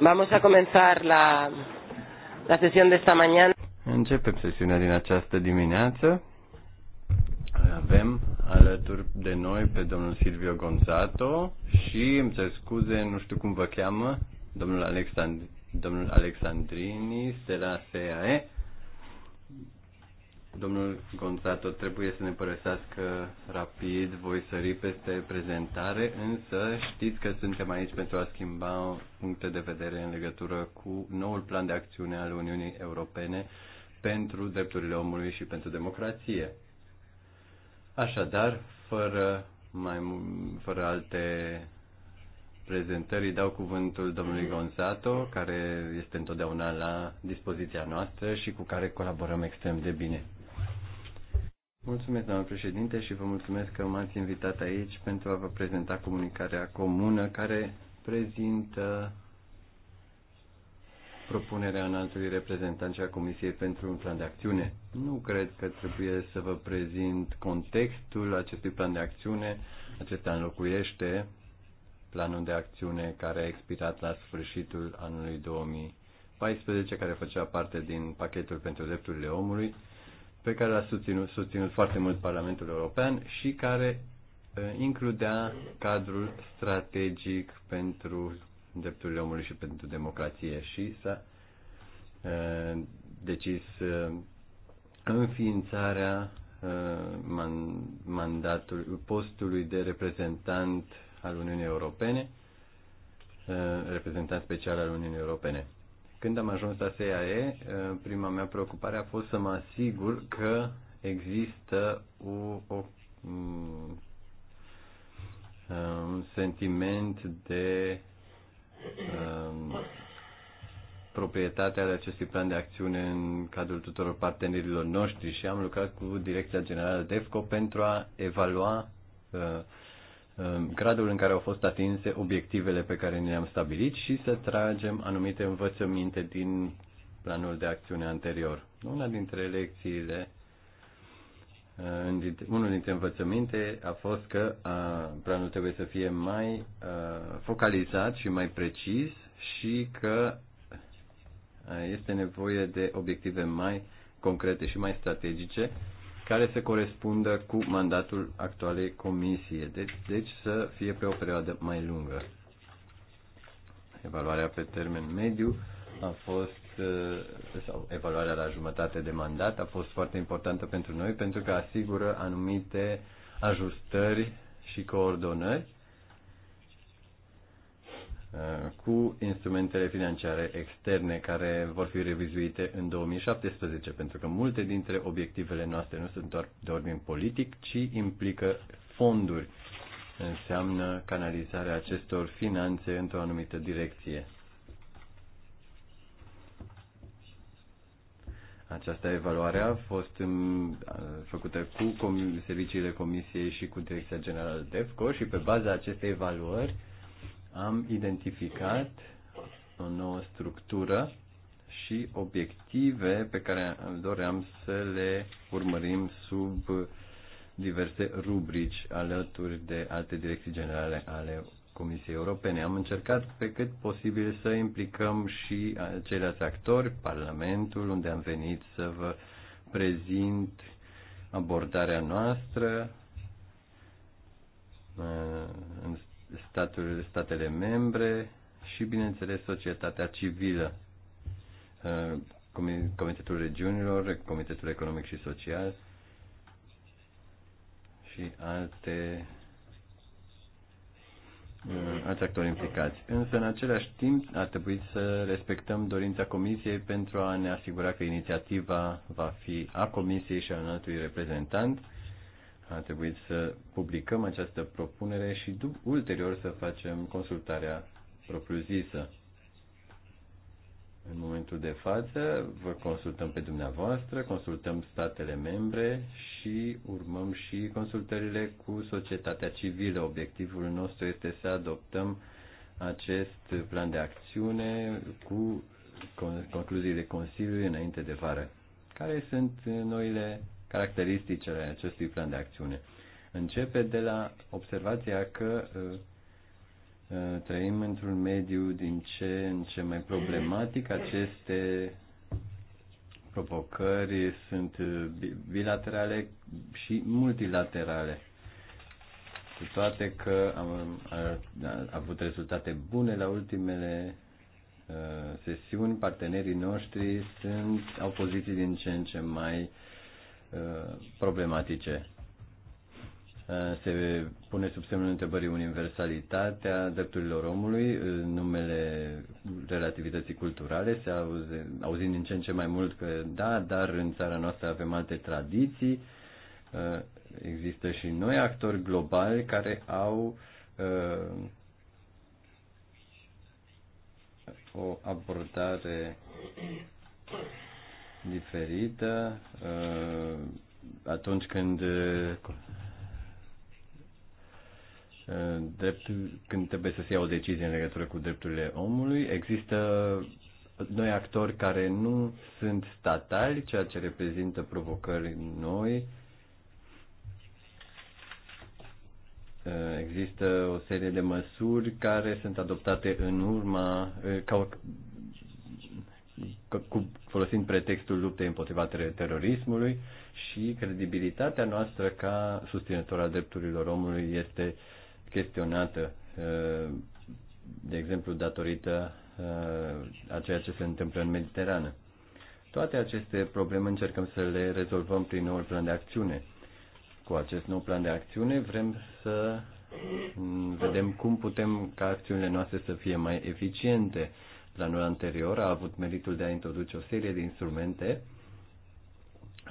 Vamos a comenzar la, la sesión de esta mañana. Începem sesiunea din această dimineață. Avem alături de noi pe domnul Silvio Gonzato și îmi cer scuze, nu știu cum vă cheamă, domnul, Alexand- domnul Alexandrini de la CAE. Domnul Gonzato trebuie să ne părăsească rapid, voi sări peste prezentare, însă știți că suntem aici pentru a schimba puncte de vedere în legătură cu noul plan de acțiune al Uniunii Europene pentru drepturile omului și pentru democrație. Așadar, fără, mai, fără alte prezentării dau cuvântul domnului Gonzato, care este întotdeauna la dispoziția noastră și cu care colaborăm extrem de bine. Mulțumesc, doamnă președinte, și vă mulțumesc că m-ați invitat aici pentru a vă prezenta comunicarea comună care prezintă propunerea înaltului reprezentant și a Comisiei pentru un plan de acțiune. Nu cred că trebuie să vă prezint contextul acestui plan de acțiune. Acesta înlocuiește planul de acțiune care a expirat la sfârșitul anului 2014, care făcea parte din pachetul pentru drepturile omului pe care l-a susținut, susținut foarte mult Parlamentul European și care uh, includea cadrul strategic pentru drepturile omului și pentru democrație și s-a uh, decis uh, înființarea mandatului, postului de reprezentant al Uniunii Europene, reprezentant special al Uniunii Europene. Când am ajuns la SEAE, uh, prima mea preocupare a fost să mă asigur că există o, o, mm, uh, un sentiment de um, proprietate ale acestui plan de acțiune în cadrul tuturor partenerilor noștri și am lucrat cu Direcția Generală DEFCO pentru a evalua uh, Um, gradul în care au fost atinse obiectivele pe care ne le-am stabilit și să tragem anumite învățăminte din planul de acțiune anterior. Una dintre lecțiile, uh, unul dintre învățăminte a fost că uh, planul trebuie să fie mai uh, focalizat și mai precis și că este nevoie de obiective mai concrete și mai strategice care să corespundă cu mandatul actualei comisie, deci, deci să fie pe o perioadă mai lungă. Evaluarea pe termen mediu a fost, uh, sau evaluarea la jumătate de mandat a fost foarte importantă pentru noi pentru că asigură anumite ajustări și coordonări Uh, cu instrumentele financiare externe care vor fi revizuite în 2017, pentru că multe dintre obiectivele noastre nu sunt doar de ordin politic, ci implică fonduri. Înseamnă canalizarea acestor finanțe într-o anumită direcție. Această evaluare a fost în, um, făcută cu serviciile Comisiei și cu Direcția Generală DEFCO și pe baza acestei evaluări am identificat o nouă structură și obiective pe care doream să le urmărim sub diverse rubrici alături de alte direcții generale ale Comisiei Europene. Am încercat pe cât posibil să implicăm și ceilalți actori, Parlamentul, unde am venit să vă prezint abordarea noastră în statul, statele membre și, bineînțeles, societatea civilă. Uh, Comitetul Regiunilor, Comitetul Economic și Social și alte uh, alți actori implicați. Însă, în același timp, ar trebui să respectăm dorința Comisiei pentru a ne asigura că inițiativa va fi a Comisiei și a unui reprezentant a trebuit să publicăm această propunere și ulterior să facem consultarea propriu-zisă. În momentul de față vă consultăm pe dumneavoastră, consultăm statele membre și urmăm și consultările cu societatea civilă. Obiectivul nostru este să adoptăm acest plan de acțiune cu concluziile Consiliului înainte de vară. Care sunt noile caracteristicile acestui plan de acțiune. Începe de la observația că uh, uh, trăim într-un mediu din ce în ce mai problematic. Aceste provocări sunt uh, bilaterale și multilaterale. Cu toate că am a, a avut rezultate bune la ultimele sesiuni, partenerii noștri sunt, au poziții din ce în ce mai Uh, problematice. Uh, se pune sub semnul întrebării universalitatea drepturilor omului, uh, numele relativității culturale, se auze, auzim din ce în ce mai mult că da, dar în țara noastră avem alte tradiții, există și noi actori globali care au o abordare diferită uh, atunci când uh, drept, când trebuie să se ia o decizie în legătură cu drepturile omului, există noi actori care nu sunt statali, ceea ce reprezintă provocări noi. Există o serie de măsuri care sunt adoptate în urma, ca cu, folosind pretextul luptei împotriva terorismului și credibilitatea noastră ca susținător al drepturilor omului este chestionată, uh, de exemplu, datorită uh, a ceea ce se întâmplă în Mediterană. Toate aceste probleme încercăm să le rezolvăm prin noul plan de acțiune. Cu acest nou plan de acțiune vrem să vedem cum putem ca acțiunile noastre să fie mai eficiente, Planul anterior a avut meritul de a introduce o serie de instrumente,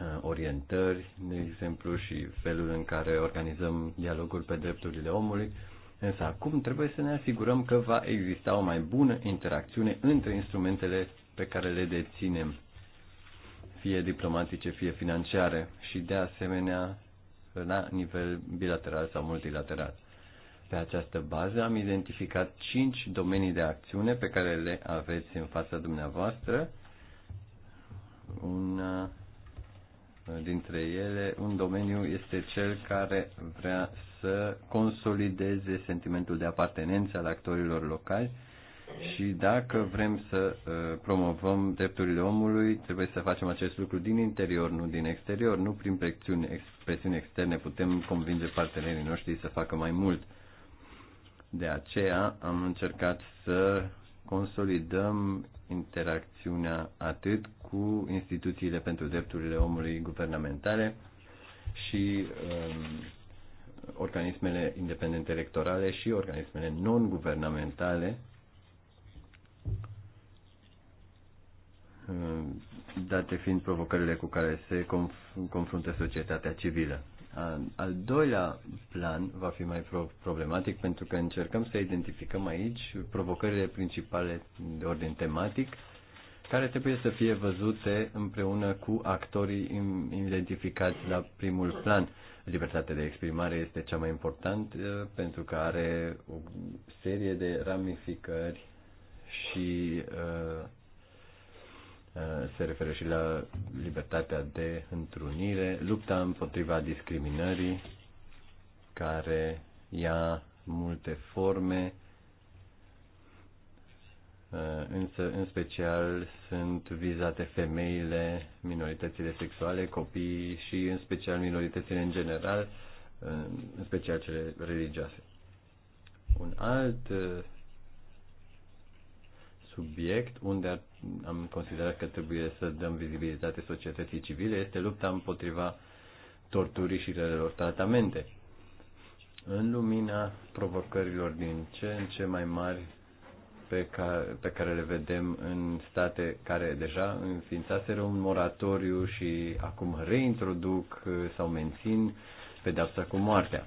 uh, orientări, de exemplu, și felul în care organizăm dialogul pe drepturile omului, însă acum trebuie să ne asigurăm că va exista o mai bună interacțiune între instrumentele pe care le deținem, fie diplomatice, fie financiare și de asemenea la nivel bilateral sau multilateral. Pe această bază am identificat cinci domenii de acțiune pe care le aveți în fața dumneavoastră. Una dintre ele, un domeniu este cel care vrea să consolideze sentimentul de apartenență al actorilor locali și dacă vrem să uh, promovăm drepturile omului, trebuie să facem acest lucru din interior, nu din exterior, nu prin presiuni externe putem convinge partenerii noștri să facă mai mult. De aceea am încercat să consolidăm interacțiunea atât cu instituțiile pentru drepturile omului guvernamentale și um, organismele independente electorale și organismele non-guvernamentale um, date fiind provocările cu care se conf- confruntă societatea civilă. Al doilea plan va fi mai problematic pentru că încercăm să identificăm aici provocările principale de ordin tematic care trebuie să fie văzute împreună cu actorii identificați la primul plan. Libertatea de exprimare este cea mai importantă uh, pentru că are o serie de ramificări și uh, Eh, se referă și la libertatea de întrunire, lupta împotriva discriminării, care ia multe forme, eh, însă în special sunt vizate femeile, minoritățile sexuale, copiii și în special minoritățile în general, eh, în special cele religioase. Un alt subiect unde am considerat că trebuie să dăm vizibilitate societății civile este lupta împotriva torturii și relelor tratamente. În lumina provocărilor din ce în ce mai mari pe care, pe care le vedem în state care deja înființaseră un moratoriu și acum reintroduc uh, sau mențin pedepsa cu moartea.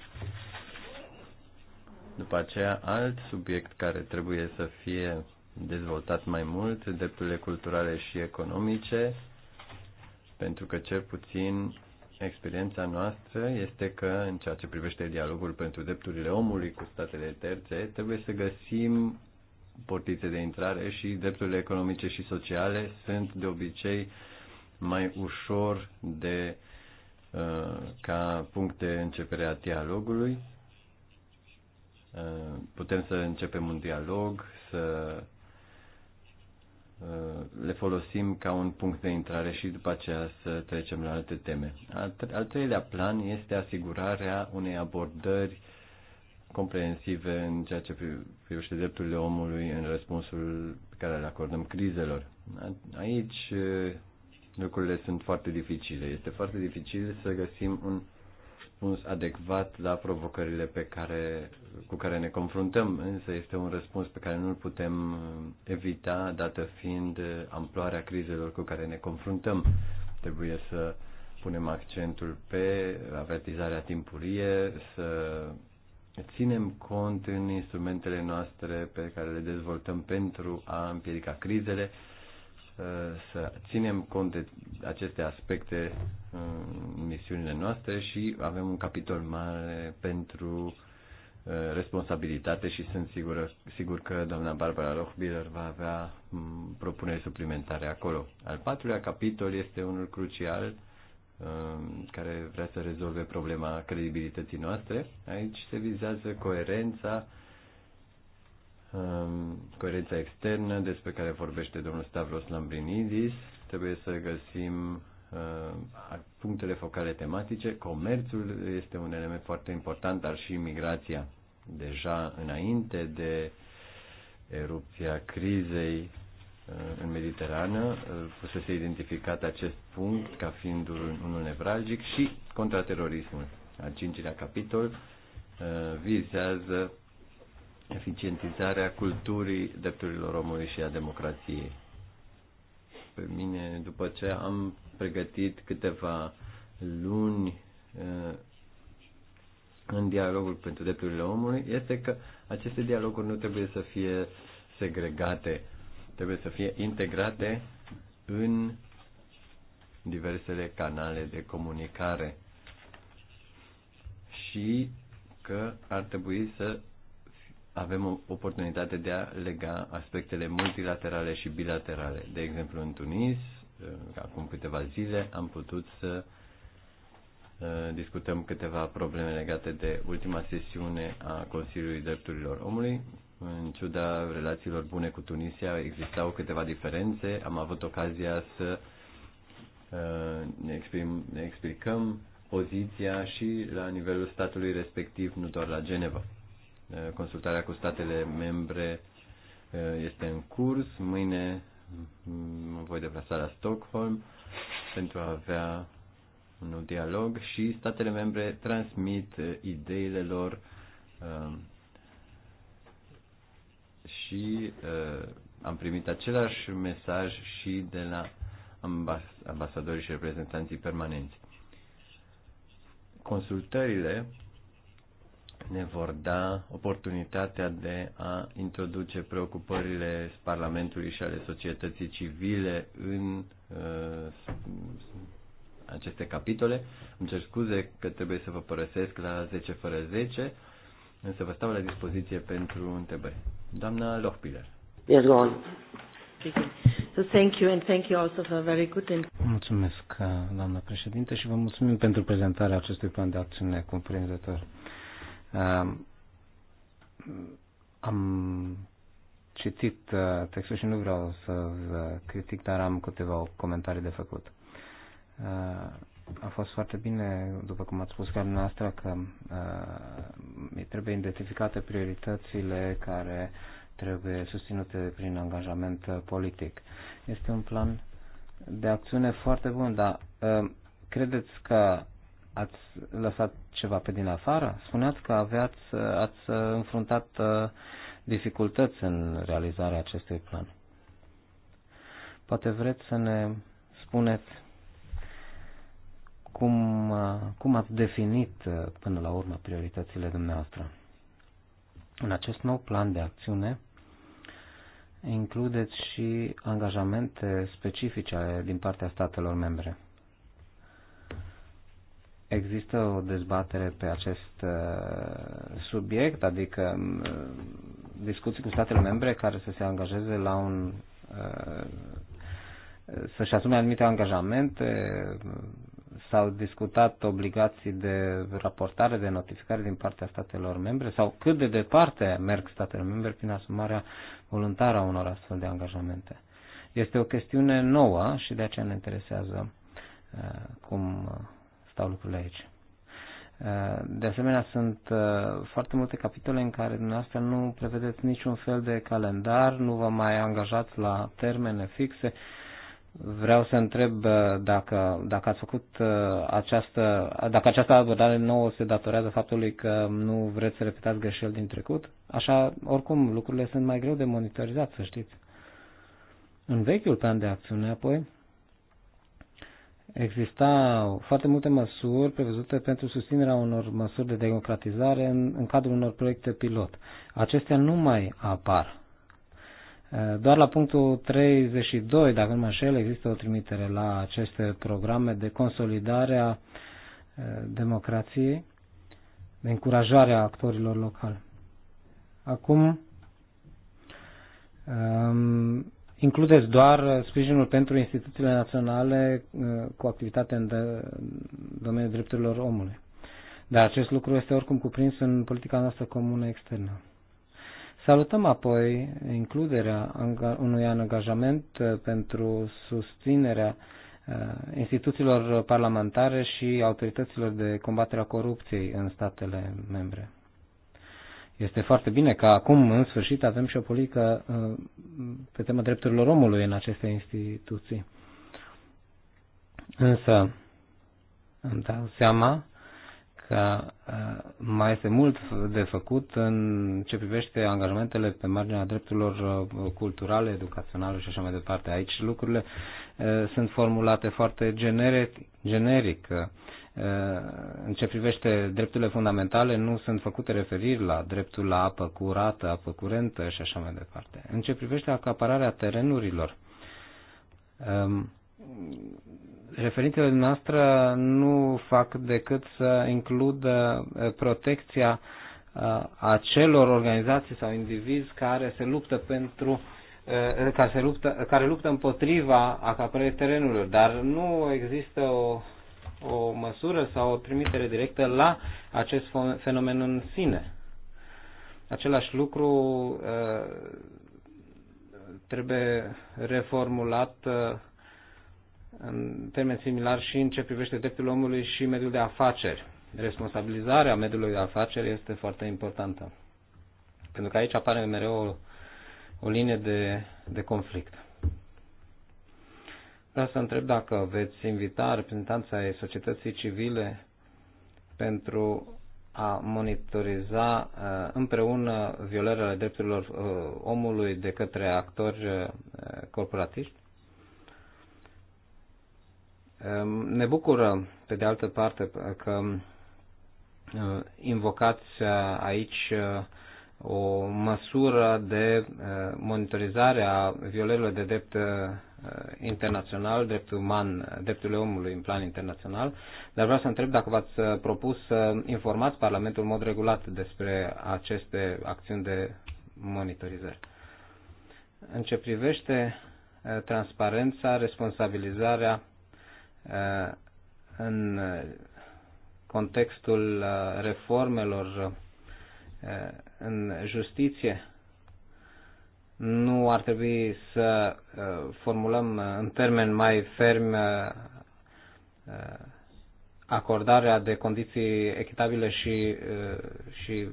După aceea, alt subiect care trebuie să fie dezvoltat mai mult drepturile culturale și economice, pentru că cel puțin experiența noastră este că în ceea ce privește dialogul pentru drepturile omului cu statele terțe, trebuie să găsim portițe de intrare și drepturile economice și sociale sunt de obicei mai ușor de uh, ca punct de începere a dialogului. Uh, putem să începem un dialog, să Uh, le folosim ca un punct de intrare și după aceea să trecem la alte teme. Al treilea plan este asigurarea unei abordări comprehensive în ceea ce privește drepturile omului în răspunsul pe care le acordăm crizelor. Aici uh, lucrurile sunt foarte dificile. Este foarte dificil să găsim un răspuns adecvat la provocările pe care, cu care ne confruntăm, însă este un răspuns pe care nu îl putem uh, evita, dată fiind uh, amploarea crizelor cu care ne confruntăm. Trebuie să punem accentul pe avertizarea timpurie, să ținem cont în instrumentele noastre pe care le dezvoltăm pentru a împiedica crizele, să ținem cont de aceste aspecte în misiunile noastre și avem un capitol mare pentru uh, responsabilitate și sunt sigură, sigur că doamna Barbara Lochbiller va avea mm, propuneri suplimentare acolo. Al patrulea capitol este unul crucial uh, care vrea să rezolve problema credibilității noastre. Aici se vizează coerența Um, coerența externă despre care vorbește domnul Stavros Lambrinidis. Trebuie să găsim uh, punctele focale tematice. Comerțul este un element foarte important, dar și migrația. Deja înainte de erupția crizei uh, în Mediterană, uh, să se identificat acest punct ca fiind unul nevralgic și contraterorismul. Al cincilea capitol vizează eficientizarea culturii drepturilor omului și a democrației. Pe mine, după ce am pregătit câteva luni eh, în dialogul pentru drepturile omului, este că aceste dialoguri nu trebuie să fie segregate, trebuie să fie integrate în diversele canale de comunicare și că ar trebui să avem o oportunitate de a lega aspectele multilaterale și bilaterale. De exemplu, în Tunis, eh, acum câteva zile, am putut să eh, discutăm câteva probleme legate de ultima sesiune a Consiliului Drepturilor Omului. În ciuda relațiilor bune cu Tunisia, existau câteva diferențe. Am avut ocazia să eh, ne, exprim, ne explicăm poziția și la nivelul statului respectiv, nu doar la Geneva Eh, consultarea cu statele membre eh, este în curs. Mâine mm, mă voi deplasa la Stockholm pentru a avea un dialog și statele membre transmit eh, ideile lor ehm, și am primit același mesaj și de la ambasadorii și reprezentanții permanenți. Consultările ne vor da oportunitatea de a introduce preocupările Parlamentului și ale societății civile în uh, aceste capitole. Îmi cer scuze că trebuie să vă părăsesc la 10 fără 10, însă vă stau la dispoziție pentru întrebări. Doamna Lochbiller. Yes, go on. So thank you and thank you also for very good Mulțumesc, uh, doamna președinte, și vă mulțumim pentru prezentarea acestui plan de acțiune cuprinzător. Am citit uh, textul și nu vreau să uh, critic, dar am câteva comentarii de făcut. Uh, a fost foarte bine, după cum ați spus ca noastră, că uh, trebuie identificate prioritățile care trebuie susținute prin angajament politic. Este un plan de acțiune foarte bun, dar uh, credeți că ați lăsat ceva pe din afară? Spuneați că aveați, ați înfruntat uh, dificultăți în realizarea acestui plan. Poate vreți să ne spuneți cum, uh, cum ați definit uh, până la urmă prioritățile dumneavoastră. În acest nou plan de acțiune includeți și angajamente specifice din partea statelor membre. Există o dezbatere pe acest uh, subiect, adică uh, discuții cu statele membre care să se angajeze la un uh, să-și asume anumite angajamente, s-au discutat obligații de raportare, de notificare din partea statelor membre sau cât de departe merg statele membre prin asumarea voluntară a unor astfel de angajamente. Este o chestiune nouă și de aceea ne interesează cum stau lucrurile aici. Uh, de asemenea, sunt uh, foarte multe capitole în care dumneavoastră nu prevedeți niciun fel de calendar, nu vă mai angajați la termene fixe. Vreau să întreb uh, dacă, dacă ați făcut această, dacă această abordare nouă se datorează faptului că nu vreți să repetați greșeli din trecut. Așa, oricum, lucrurile sunt mai greu de monitorizat, să știți. În vechiul plan de acțiune, apoi, exista foarte multe măsuri prevăzute pentru susținerea unor măsuri de democratizare în, în cadrul unor proiecte pilot. Acestea nu mai apar. Doar la punctul 32, dacă nu mă înșel, există o trimitere la aceste programe de consolidare a democrației, de încurajare a actorilor locali. Acum, includeți doar uh, sprijinul pentru instituțiile naționale uh, cu activitate în domeniul drepturilor omului. Dar acest lucru este oricum cuprins în politica noastră comună externă. Salutăm apoi includerea unui angajament uh, pentru susținerea instituțiilor parlamentare și autorităților de combatere a corupției în statele membre. Este foarte bine că acum, în sfârșit, avem și o politică uh, pe tema drepturilor omului în aceste instituții. Însă, îmi dau seama că uh, mai este mult de făcut în ce privește angajamentele pe marginea drepturilor uh, culturale, educaționale și așa mai departe. Aici lucrurile sunt formulate foarte generic. generic. Eh, în ce privește drepturile fundamentale, nu sunt făcute referiri la dreptul la apă curată, apă curentă și așa mai departe. În ce privește acapararea terenurilor, ehm, referințele noastre nu fac decât să includă eh, protecția eh, acelor organizații sau indivizi care se luptă pentru care, se luptă, care luptă împotriva acapării terenurilor, dar nu există o o măsură sau o trimitere directă la acest fenomen în sine. Același lucru uh, trebuie reformulat uh, în termen similar și în ce privește dreptul omului și mediul de afaceri. Responsabilizarea mediului de afaceri este foarte importantă. Pentru că aici apare mereu o, o linie de, de conflict. Vreau să întreb dacă veți invita reprezentanța ai societății civile pentru a monitoriza uh, împreună violările drepturilor uh, omului de către actori uh, corporatiști. Um, ne bucură, pe de altă parte, că invocați aici o măsură de eh, monitorizare a violărilor de drept eh, internațional, drept uman, drepturile omului în plan internațional, dar vreau să întreb dacă v-ați eh, propus să informați Parlamentul în mod regulat despre aceste acțiuni de monitorizare. În ce privește transparența, responsabilizarea în contextul reformelor în justiție, nu ar trebui să uh, formulăm uh, în termen mai ferm uh, acordarea de condiții echitabile și, și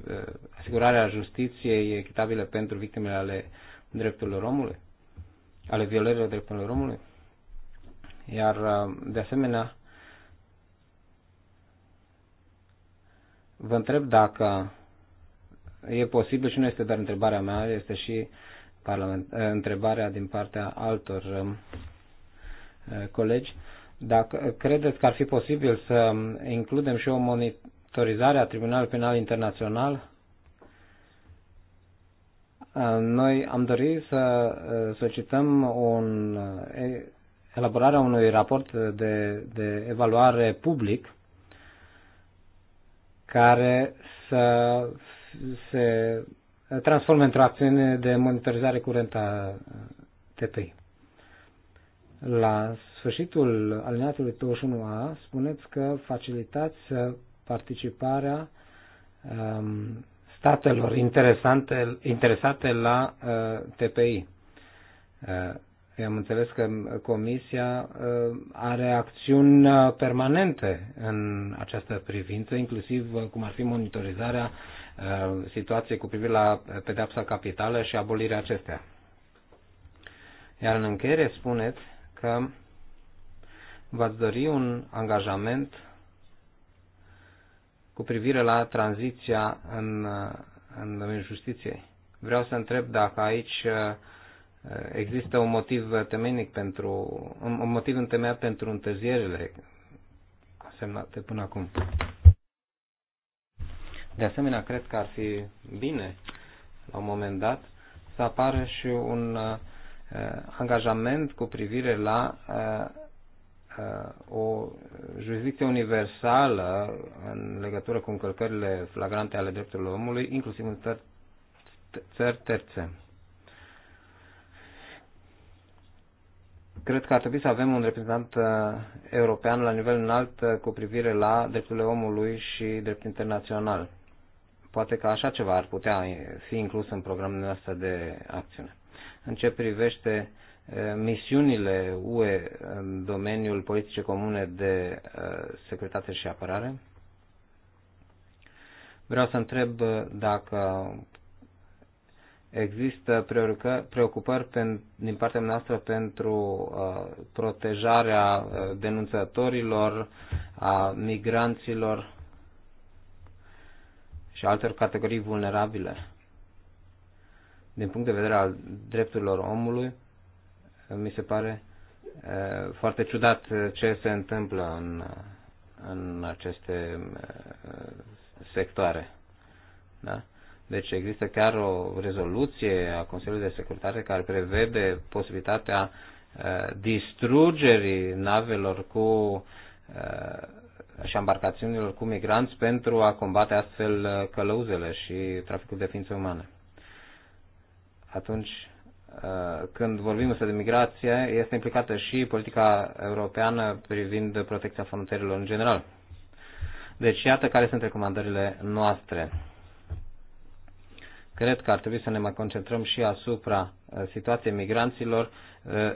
asigurarea justiției echitabile pentru victimele ale drepturilor omului, ale violărilor drepturilor omului. Iar, de asemenea, vă întreb dacă e posibil și nu este doar întrebarea mea, este și parlament, eh, întrebarea din partea altor eh, colegi. Dacă credeți că ar fi posibil să includem și o monitorizare a Tribunalului Penal Internațional, eh, noi am dorit să solicităm un, elaborarea unui raport de, de evaluare public care să se transforme într-o acțiune de monitorizare curentă a TPI. La sfârșitul alineatului 21A spuneți că facilitați participarea um, statelor interesante, interesate la uh, TPI. Uh, eu am înțeles că Comisia uh, are acțiuni uh, permanente în această privință, inclusiv uh, cum ar fi monitorizarea Uh, situație cu privire la pedepsa capitală și abolirea acestea. Iar în încheiere spuneți că v-ați dori un angajament cu privire la tranziția în, uh, în domeniul justiției. Vreau să întreb dacă aici uh, există un motiv temenic pentru, un motiv întemeiat pentru întârzierile semnate până acum. De asemenea, cred că ar fi bine, la un moment dat, să apară și un uh, uh, angajament cu privire la uh, uh, o jurisdicție universală în legătură cu încălcările flagrante ale drepturilor omului, inclusiv în țări, țări terțe. Cred că ar trebui să avem un reprezentant uh, european la nivel înalt uh, cu privire la drepturile omului și drept internațional. Poate că așa ceva ar putea fi inclus în programul nostru de acțiune. În ce privește misiunile UE în domeniul politice comune de securitate și apărare, vreau să întreb dacă există preocupări din partea noastră pentru protejarea denunțătorilor, a migranților și altor categorii vulnerabile. Din punct de vedere al drepturilor omului, mi se pare foarte ciudat ce se întâmplă în, în aceste sectoare. Da? Deci există chiar o rezoluție a Consiliului de Securitate care prevede posibilitatea distrugerii navelor cu și embarcațiunilor cu migranți pentru a combate astfel uh, călăuzele și traficul de ființe umane. Atunci, uh, când vorbim însă de migrație, este implicată și politica europeană privind protecția frontierelor în general. Deci, iată care sunt recomandările noastre. Cred că ar trebui să ne mai concentrăm și asupra uh, situației migranților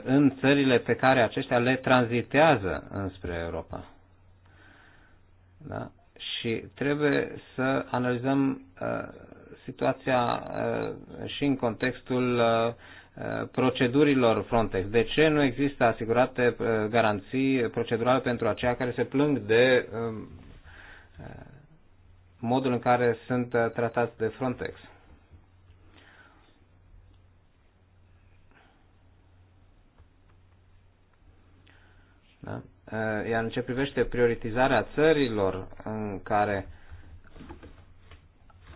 în țările pe care aceștia le tranzitează înspre Europa. Da? Și trebuie să analizăm uh, situația uh, și în contextul uh, procedurilor Frontex. De ce nu există asigurate uh, garanții procedurale pentru aceia care se plâng de um, uh, modul în care sunt uh, tratați de Frontex? Da? Eh, iar în ce privește prioritizarea țărilor în care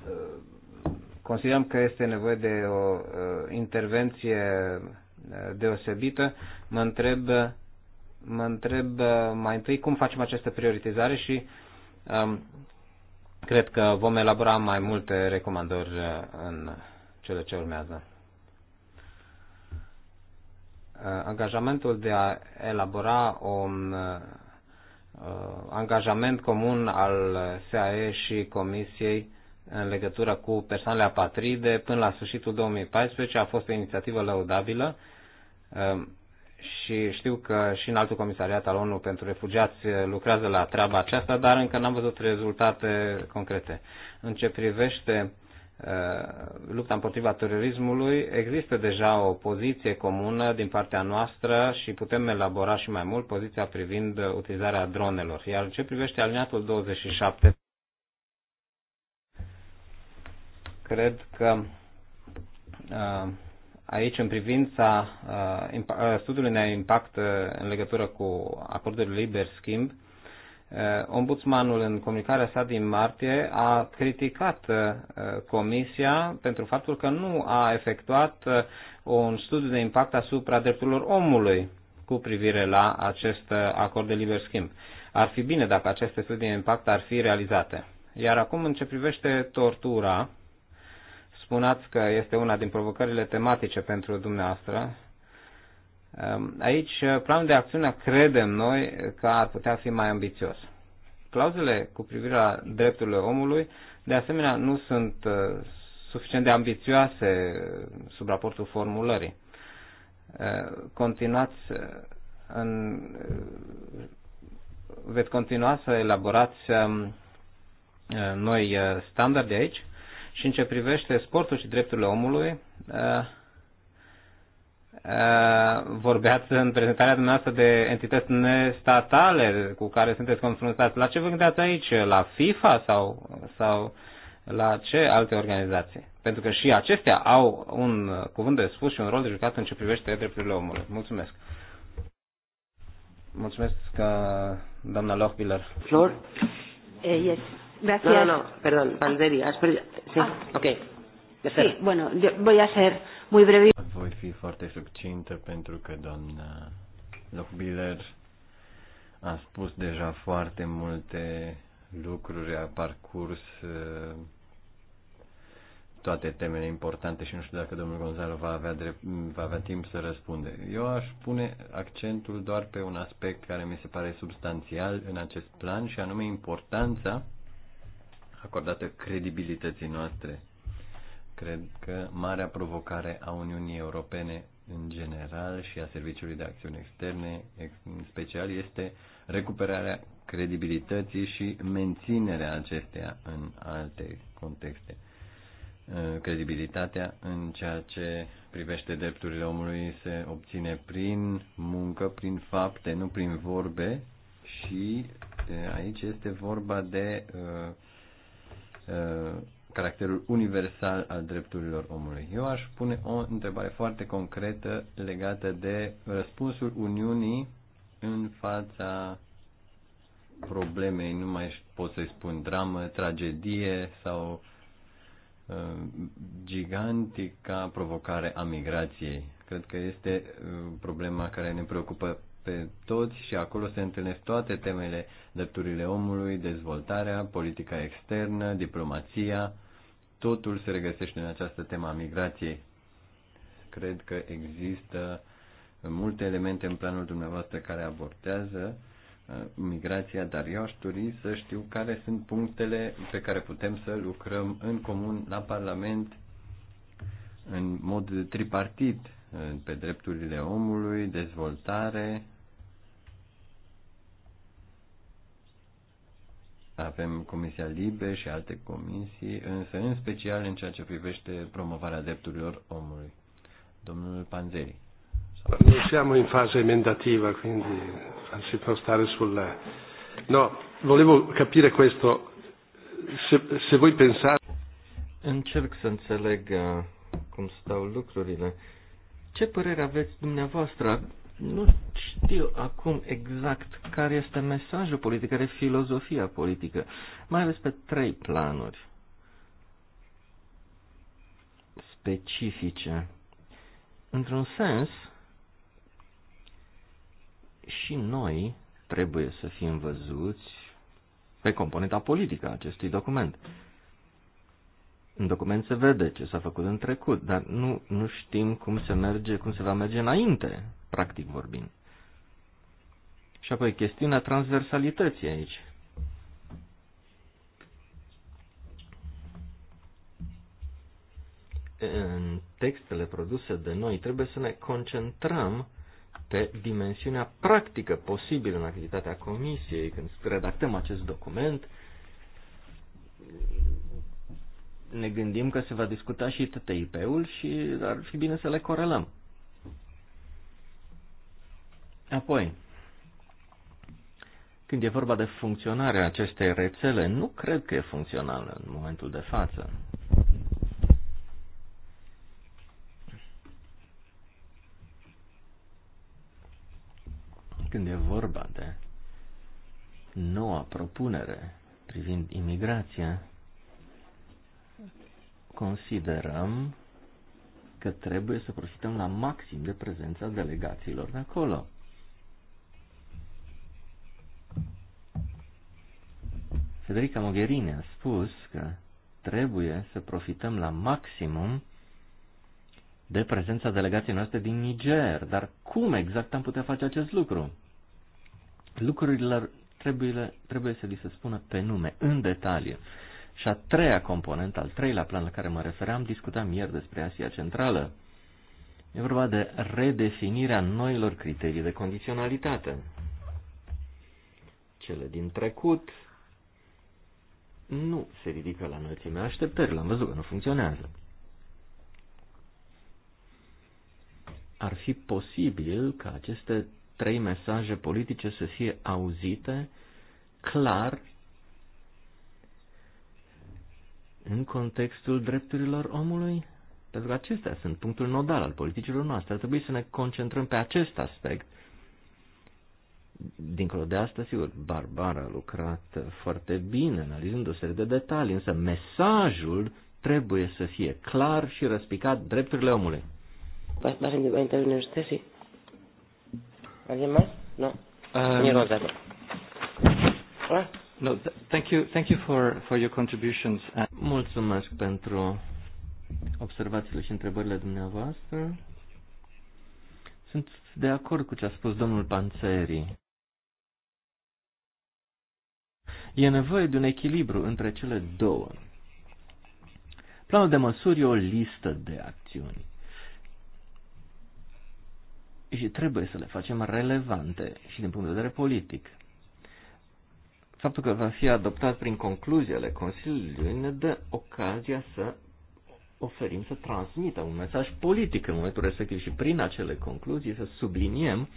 eh, considerăm că este nevoie de o eh, intervenție deosebită, mă întreb, mă întreb mai întâi cum facem această prioritizare și um, cred că vom elabora mai multe recomandări în cele ce urmează. Uh, angajamentul de a elabora un uh, uh, angajament comun al SAE și Comisiei în legătură cu persoanele apatride până la sfârșitul 2014 a fost o inițiativă lăudabilă um, și știu că și în altul comisariat al ONU pentru refugiați lucrează la treaba aceasta, dar încă n-am văzut rezultate concrete. În ce privește Uh, lupta împotriva terorismului, există deja o poziție comună din partea noastră și putem elabora și mai mult poziția privind utilizarea dronelor. Iar ce privește alineatul 27, cred că uh, aici în privința uh, studiului de impact în legătură cu acordul liber schimb, Eh, ombudsmanul în comunicarea sa din martie a criticat eh, Comisia pentru faptul că nu a efectuat eh, un studiu de impact asupra drepturilor omului cu privire la acest acord de liber schimb. Ar fi bine dacă aceste studii de impact ar fi realizate. Iar acum, în ce privește tortura, spuneați că este una din provocările tematice pentru dumneavoastră Aici, uh, planul de acțiune credem noi că ar putea fi mai ambițios. Clauzele cu privire la drepturile omului, de asemenea, nu sunt uh, suficient de ambițioase uh, sub raportul formulării. Continuați în, veți continua să elaborați um, noi standarde aici și în ce privește sportul și drepturile omului, Uh, vorbeați în prezentarea dumneavoastră de entități nestatale cu care sunteți confruntați. La ce vă gândeați aici? La FIFA sau, sau la ce alte organizații? Pentru că și acestea au un cuvânt de spus și un rol de jucat în ce privește drepturile omului. Mulțumesc. Mulțumesc, că, uh, doamna Lochbiller. Flor? Eh, yes. Gracias. No, no, no, perdón, Valderi, has perdido. Sí, ah. ok. Sí, bueno, yo voy a ser muy breve fi foarte succintă pentru că doamna Lochbiller a spus deja foarte multe lucruri, a parcurs uh, toate temele importante și nu știu dacă domnul Gonzalo va avea, drept, va avea timp să răspunde. Eu aș pune accentul doar pe un aspect care mi se pare substanțial în acest plan și anume importanța acordată credibilității noastre Cred că marea provocare a Uniunii Europene în general și a Serviciului de Acțiune Externe în special este recuperarea credibilității și menținerea acesteia în alte contexte. Uh, credibilitatea în ceea ce privește drepturile omului se obține prin muncă, prin fapte, nu prin vorbe și uh, aici este vorba de uh, uh, caracterul universal al drepturilor omului. Eu aș pune o întrebare foarte concretă legată de răspunsul Uniunii în fața problemei, nu mai pot să-i spun dramă, tragedie sau uh, gigantica provocare a migrației. Cred că este uh, problema care ne preocupă pe toți și acolo se întâlnesc toate temele, drepturile omului, dezvoltarea, politica externă, diplomația, totul se regăsește în această temă a migrației. Cred că există multe elemente în planul dumneavoastră care abordează uh, migrația, dar eu aș dori să știu care sunt punctele pe care putem să lucrăm în comun la Parlament în mod tripartit, uh, pe drepturile omului, dezvoltare, Avem Comisia Libe și alte comisii, însă în special în ceea ce privește promovarea drepturilor omului. Domnul Panzeri. Nu siamo in fase emendativa, quindi si può stare sul... No, volevo capire questo. Se, se voi pensate... Încerc să înțeleg uh, cum stau lucrurile. Ce părere aveți dumneavoastră? Nu știu acum exact care este mesajul politic, care este filozofia politică, mai ales pe trei planuri specifice. Într-un sens, și noi trebuie să fim văzuți pe componenta politică a acestui document. În document se vede ce s-a făcut în trecut, dar nu, nu știm cum se merge, cum se va merge înainte practic vorbind. Și apoi chestiunea transversalității aici. În textele produse de noi trebuie să ne concentrăm pe dimensiunea practică posibilă în activitatea comisiei când redactăm acest document. Ne gândim că se va discuta și TTIP-ul și ar fi bine să le corelăm. Apoi, când e vorba de funcționarea acestei rețele, nu cred că e funcțională în momentul de față. Când e vorba de noua propunere privind imigrația, considerăm că trebuie să profităm la maxim de prezența delegațiilor de acolo. Federica Mogherini a spus că trebuie să profităm la maximum de prezența delegației noastre din Niger. Dar cum exact am putea face acest lucru? Lucrurile trebuie, trebuie să li se spună pe nume, în detaliu. Și a treia componentă, al treilea plan la care mă refeream, discutam ieri despre Asia Centrală. E vorba de redefinirea noilor criterii de condiționalitate. Cele din trecut nu se ridică la înălțimea așteptării. L-am văzut că nu funcționează. Ar fi posibil ca aceste trei mesaje politice să fie auzite clar în contextul drepturilor omului? Pentru că acestea sunt punctul nodal al politicilor noastre. Ar trebui să ne concentrăm pe acest aspect Dincolo de asta, sigur, Barbara a lucrat foarte bine, analizând o serie de detalii, însă mesajul trebuie să fie clar și răspicat drepturile omului. ¿Vas, vas a intervenir usted, ¿Alguien más? No. um, No, thank you, thank you for, for your contributions. Mulțumesc pentru observațiile și întrebările dumneavoastră. Sunt de acord cu ce a spus domnul Panțeri. E nevoie de un echilibru între cele două. Planul de măsuri e o listă de acțiuni. Și trebuie să le facem relevante și din punct de vedere politic. Faptul că va fi adoptat prin concluziile ale Consiliului ne dă ocazia să oferim să transmită un mesaj politic în momentul respectiv și prin acele concluzii să subliniem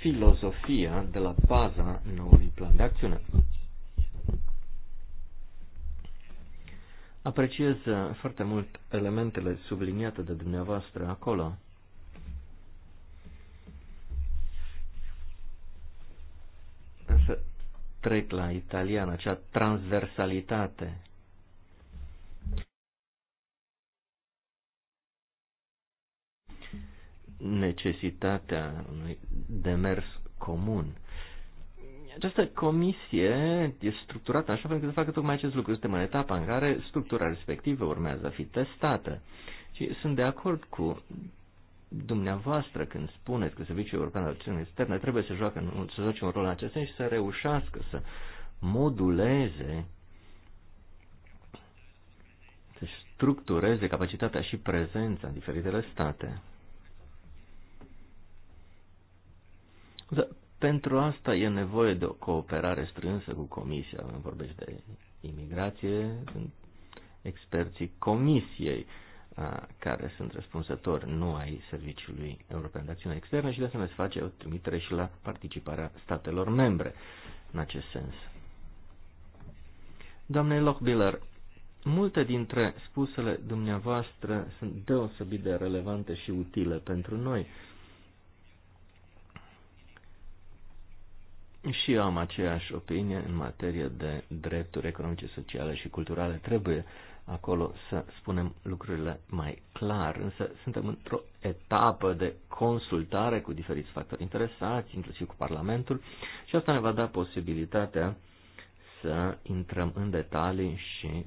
filozofia de la baza noului plan de acțiune. Apreciez foarte mult elementele subliniate de dumneavoastră acolo. Însă trec la italiană, acea transversalitate necesitatea unui demers comun. Această comisie e structurată așa pentru că se facă tocmai acest lucru. Suntem în etapa în care structura respectivă urmează a fi testată. Și sunt de acord cu dumneavoastră când spuneți că Serviciul European de Acțiune Externe trebuie să, joacă, să joace un rol în acest sens și să reușească să moduleze, să structureze capacitatea și prezența în diferitele state. Da, pentru asta e nevoie de o cooperare strânsă cu Comisia. Am vorbești de imigrație, sunt experții Comisiei care sunt răspunsători nu ai Serviciului European de Acțiune Externă și de asemenea se face o trimitere și la participarea statelor membre în acest sens. Doamne Lochbiller, multe dintre spusele dumneavoastră sunt deosebit de relevante și utile pentru noi. Și eu am aceeași opinie în materie de drepturi economice, sociale și culturale. Trebuie acolo să spunem lucrurile mai clar, însă suntem într-o etapă de consultare cu diferiți factori interesați, inclusiv cu Parlamentul, și asta ne va da posibilitatea să intrăm în detalii și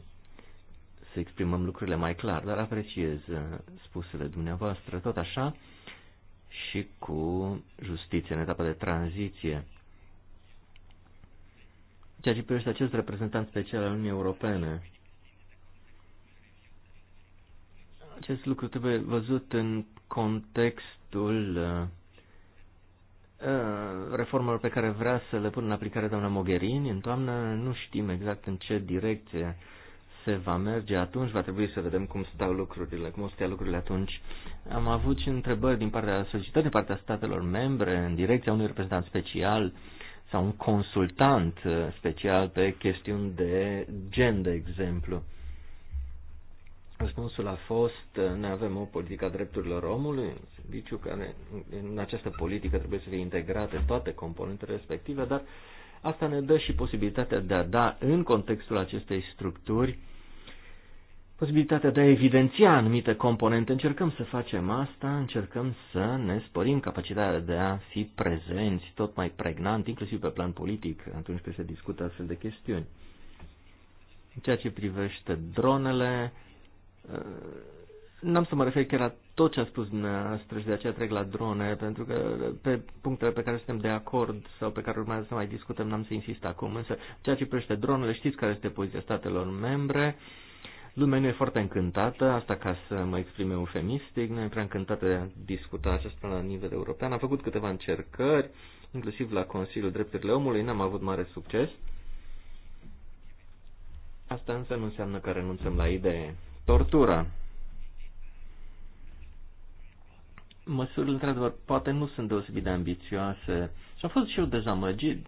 să exprimăm lucrurile mai clar, dar apreciez spusele dumneavoastră, tot așa, și cu justiție în etapa de tranziție ceea ce privește acest reprezentant special al Uniunii Europene. Acest lucru trebuie văzut în contextul uh, uh, reformelor pe care vrea să le pună în aplicare doamna Mogherini. În toamnă nu știm exact în ce direcție se va merge atunci, va trebui să vedem cum stau lucrurile, cum o stea lucrurile atunci. Am avut și întrebări din partea societății, din partea statelor membre, în direcția unui reprezentant special uh, sau un consultant uh, special pe chestiuni de gen, de exemplu. Răspunsul a fost, uh, noi avem o politică a drepturilor omului, un serviciu care în această politică trebuie să fie integrate toate componentele respective, dar asta ne dă și posibilitatea de a da în contextul acestei structuri posibilitatea de a evidenția anumite componente. Încercăm să facem asta, încercăm să ne sporim capacitatea de a fi prezenți tot mai pregnant, inclusiv pe plan politic, atunci când se discută astfel de chestiuni. În ceea ce privește dronele, uh, n-am să mă refer chiar la tot ce a spus dumneavoastră și de aceea trec la drone, pentru că pe punctele pe care suntem de acord sau pe care urmează să mai discutăm, n-am să insist acum, însă ceea ce privește dronele, știți care este poziția statelor membre, uh, Lumea nu e foarte încântată, asta ca să mă exprim eufemistic, nu e prea încântată de a discuta aceasta la nivel european. Am făcut câteva încercări, inclusiv la Consiliul Drepturile Omului, n-am avut mare succes. Asta însă nu înseamnă că renunțăm la idee. Tortura. Măsurile, într-adevăr, poate nu sunt deosebit de ambițioase și am fost și eu dezamăgit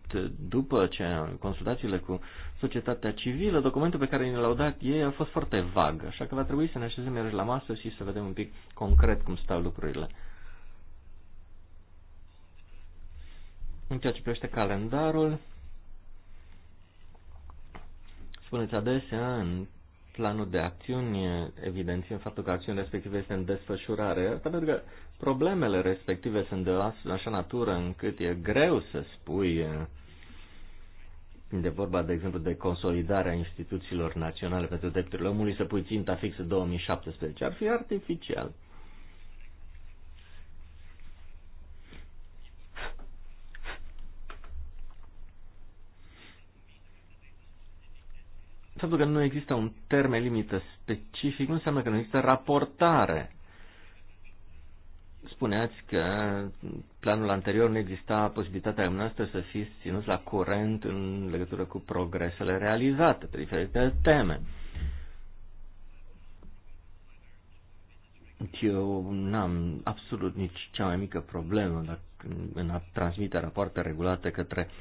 după ce consultațiile cu societatea civilă, documentul pe care ne l-au dat ei a fost foarte vag, așa că va trebui să ne așezăm iarăși la masă și să vedem un pic concret cum stau lucrurile. În ceea ce privește calendarul, spuneți adesea în planul de acțiuni evidențiind faptul că acțiunea respectivă este în desfășurare, pentru că problemele respective sunt de așa natură încât e greu să spui de vorba, de exemplu, de consolidarea instituțiilor naționale pentru drepturile omului, să pui ținta fixă 2017. Ar fi artificial. faptul că nu există un termen limită specific nu înseamnă că nu există raportare. Spuneați că planul anterior nu exista posibilitatea noastră să fiți ținuți la curent în legătură cu progresele realizate pe diferite teme. Eu n-am absolut nici cea mai mică problemă în a transmite rapoarte regulate către uh,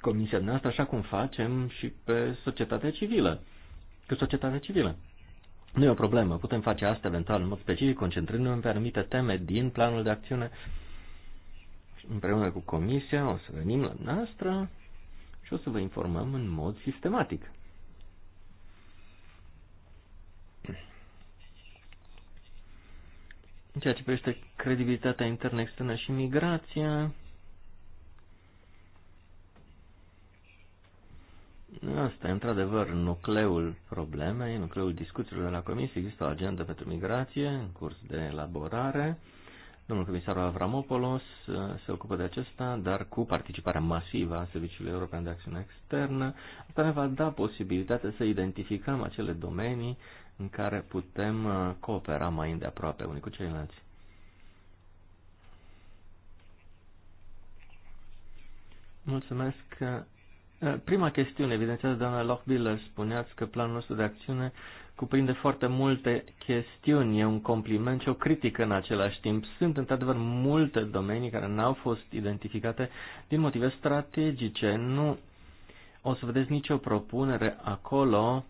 comisia noastră, așa cum facem și pe societatea civilă, cu societatea civilă. Nu e o problemă, putem face asta eventual în mod specific, concentrându-ne pe anumite teme din planul de acțiune împreună cu comisia, o să venim la noastră și o să vă informăm în mod sistematic. În ceea ce privește credibilitatea internă, externă și migrația, Asta e într-adevăr nucleul problemei, nucleul discuțiilor de la comisie. Există o agendă pentru migrație în curs de elaborare. Domnul comisar Avramopoulos uh, se ocupă de acesta, dar cu participarea masivă a Serviciului European de Acțiune Externă. Asta ne va da posibilitatea să identificăm acele domenii în care putem uh, coopera mai îndeaproape unii cu ceilalți. Mulțumesc uh, Eh, prima chestiune, evidențiată doamna Lochbiller, spuneați că planul nostru de acțiune cuprinde foarte multe chestiuni, e un compliment și o critică în același timp. Sunt într-adevăr multe domenii care n-au fost identificate din motive strategice. Nu o să vedeți nicio propunere acolo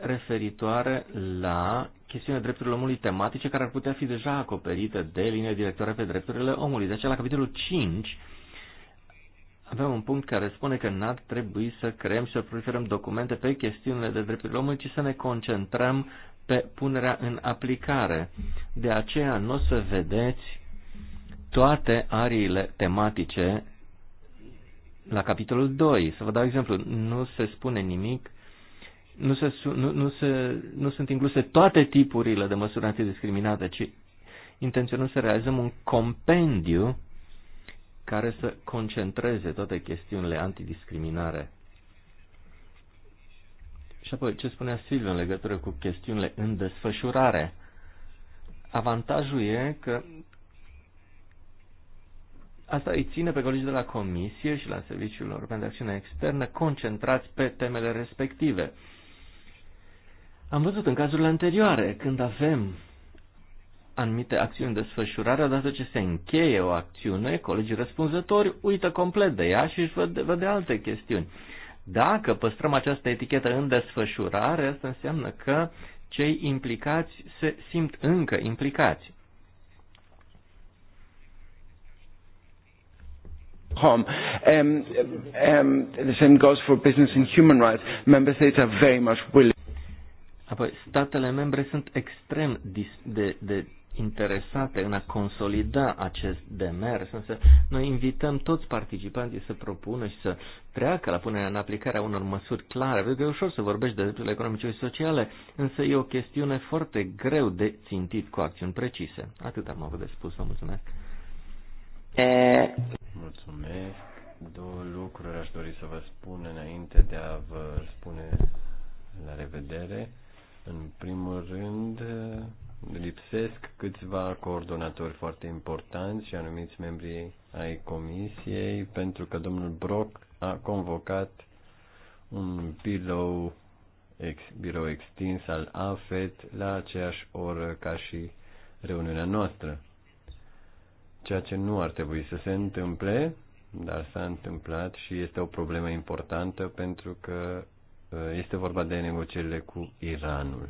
referitoare la chestiunea drepturilor omului tematice care ar putea fi deja acoperite de linia directoare pe drepturile omului. De aceea, la capitolul 5, avem un punct care spune că n-ar trebui să creăm și să proliferăm documente pe chestiunile de drepturile omului, ci să ne concentrăm pe punerea în aplicare. De aceea nu o să vedeți toate ariile tematice la capitolul 2. Să vă dau exemplu, nu se spune nimic, nu, se, nu, nu, se, nu sunt incluse toate tipurile de măsuri antidiscriminate, ci intenționăm să realizăm un compendiu care să concentreze toate chestiunile antidiscriminare. Și apoi ce spunea Silviu în legătură cu chestiunile în desfășurare. Avantajul e că asta îi ține pe colegii de la Comisie și la Serviciul European de Acțiune Externă concentrați pe temele respective. Am văzut în cazurile anterioare, când avem anumite acțiuni desfășurare, odată ce se încheie o acțiune, colegii răspunzători uită complet de ea și își văd, de alte chestiuni. Dacă păstrăm această etichetă în desfășurare, asta înseamnă că cei implicați se simt încă implicați. home. Um, um, um, the same goes for business and human rights. Member states are very much willing. Apoi, statele membre sunt extrem de, de interesate în a consolida acest demers, însă noi invităm toți participanții să propună și să treacă la punerea în aplicare a unor măsuri clare, pentru că e ușor să vorbești de drepturile economice și sociale, însă e o chestiune foarte greu de țintit cu acțiuni precise. Atât am avut de spus, vă mulțumesc. E... Mulțumesc. Două lucruri aș dori să vă spun înainte de a vă spune la revedere. În primul rând, lipsesc câțiva coordonatori foarte importanți și anumiți membri ai comisiei pentru că domnul Brock a convocat un birou, ex, birou extins al AFET la aceeași oră ca și reuniunea noastră. Ceea ce nu ar trebui să se întâmple, dar s-a întâmplat și este o problemă importantă pentru că uh, este vorba de negocierile cu Iranul.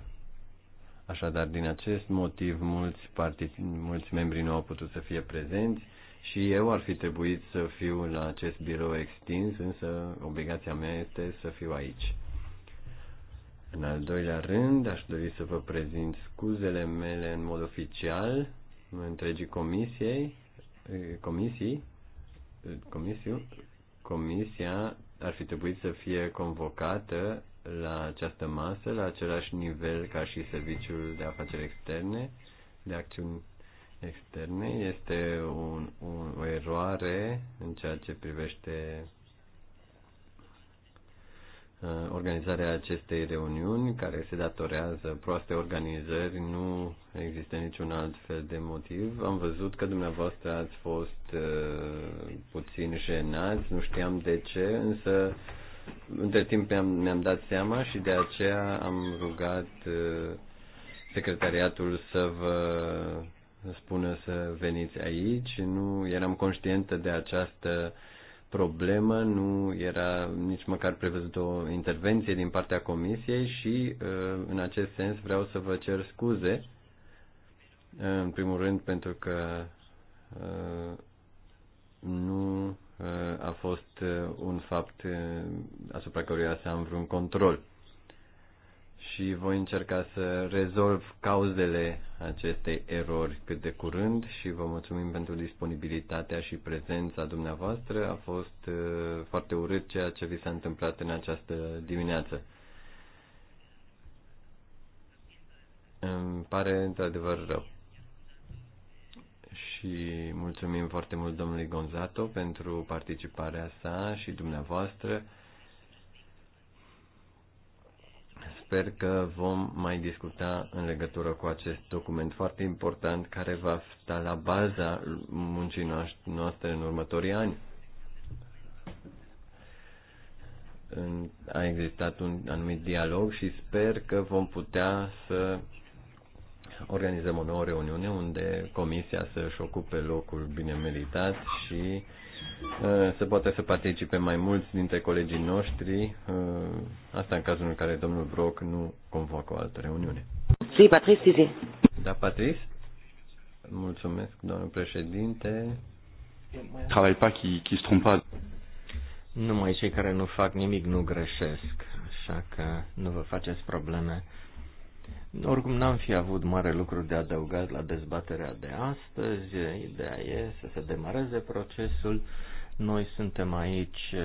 Așadar, din acest motiv, mulți, partic- mulți membri nu au putut să fie prezenți și eu ar fi trebuit să fiu la acest birou extins, însă obligația mea este să fiu aici. În al doilea rând, aș dori să vă prezint scuzele mele în mod oficial întregii comisiei, comisii, comisiu, comisia ar fi trebuit să fie convocată la această masă, la același nivel ca și serviciul de afaceri externe, de acțiuni externe. Este un, un, o eroare în ceea ce privește uh, organizarea acestei reuniuni, care se datorează proaste organizări, nu există niciun alt fel de motiv. Am văzut că dumneavoastră ați fost uh, puțin jenați, nu știam de ce, însă uh, între timp mi-am, mi-am dat seama și de aceea am rugat uh, secretariatul să vă spună să veniți aici. Nu eram conștientă de această problemă, nu era nici măcar prevăzută o intervenție din partea comisiei și uh, în acest sens vreau să vă cer scuze, uh, în primul rând pentru că nu a fost uh, un fapt uh, asupra căruia să am vreun control. Și voi încerca să rezolv cauzele acestei erori cât de curând și vă mulțumim pentru disponibilitatea și prezența dumneavoastră. A fost uh, foarte urât ceea ce vi s-a întâmplat în această dimineață. Îmi pare într-adevăr rău și mulțumim foarte mult domnului Gonzato pentru participarea sa și dumneavoastră. Sper că vom mai discuta în legătură cu acest document foarte important care va sta la baza muncii noastre în următorii ani. A existat un anumit dialog și sper că vom putea să organizăm o nouă reuniune unde comisia să-și ocupe locul bine meritat și uh, să poată să participe mai mulți dintre colegii noștri, uh, asta în cazul în care domnul Broc nu convoacă o altă reuniune. Si, Patrice, si, Da, Patrice? Mulțumesc, domnul președinte. Travail pas qui, qui se trompe Numai cei care nu fac nimic nu greșesc, așa că nu vă faceți probleme oricum n-am fi avut mare lucru de adăugat la dezbaterea de astăzi. Ideea e să se demareze procesul. Noi suntem aici, eh,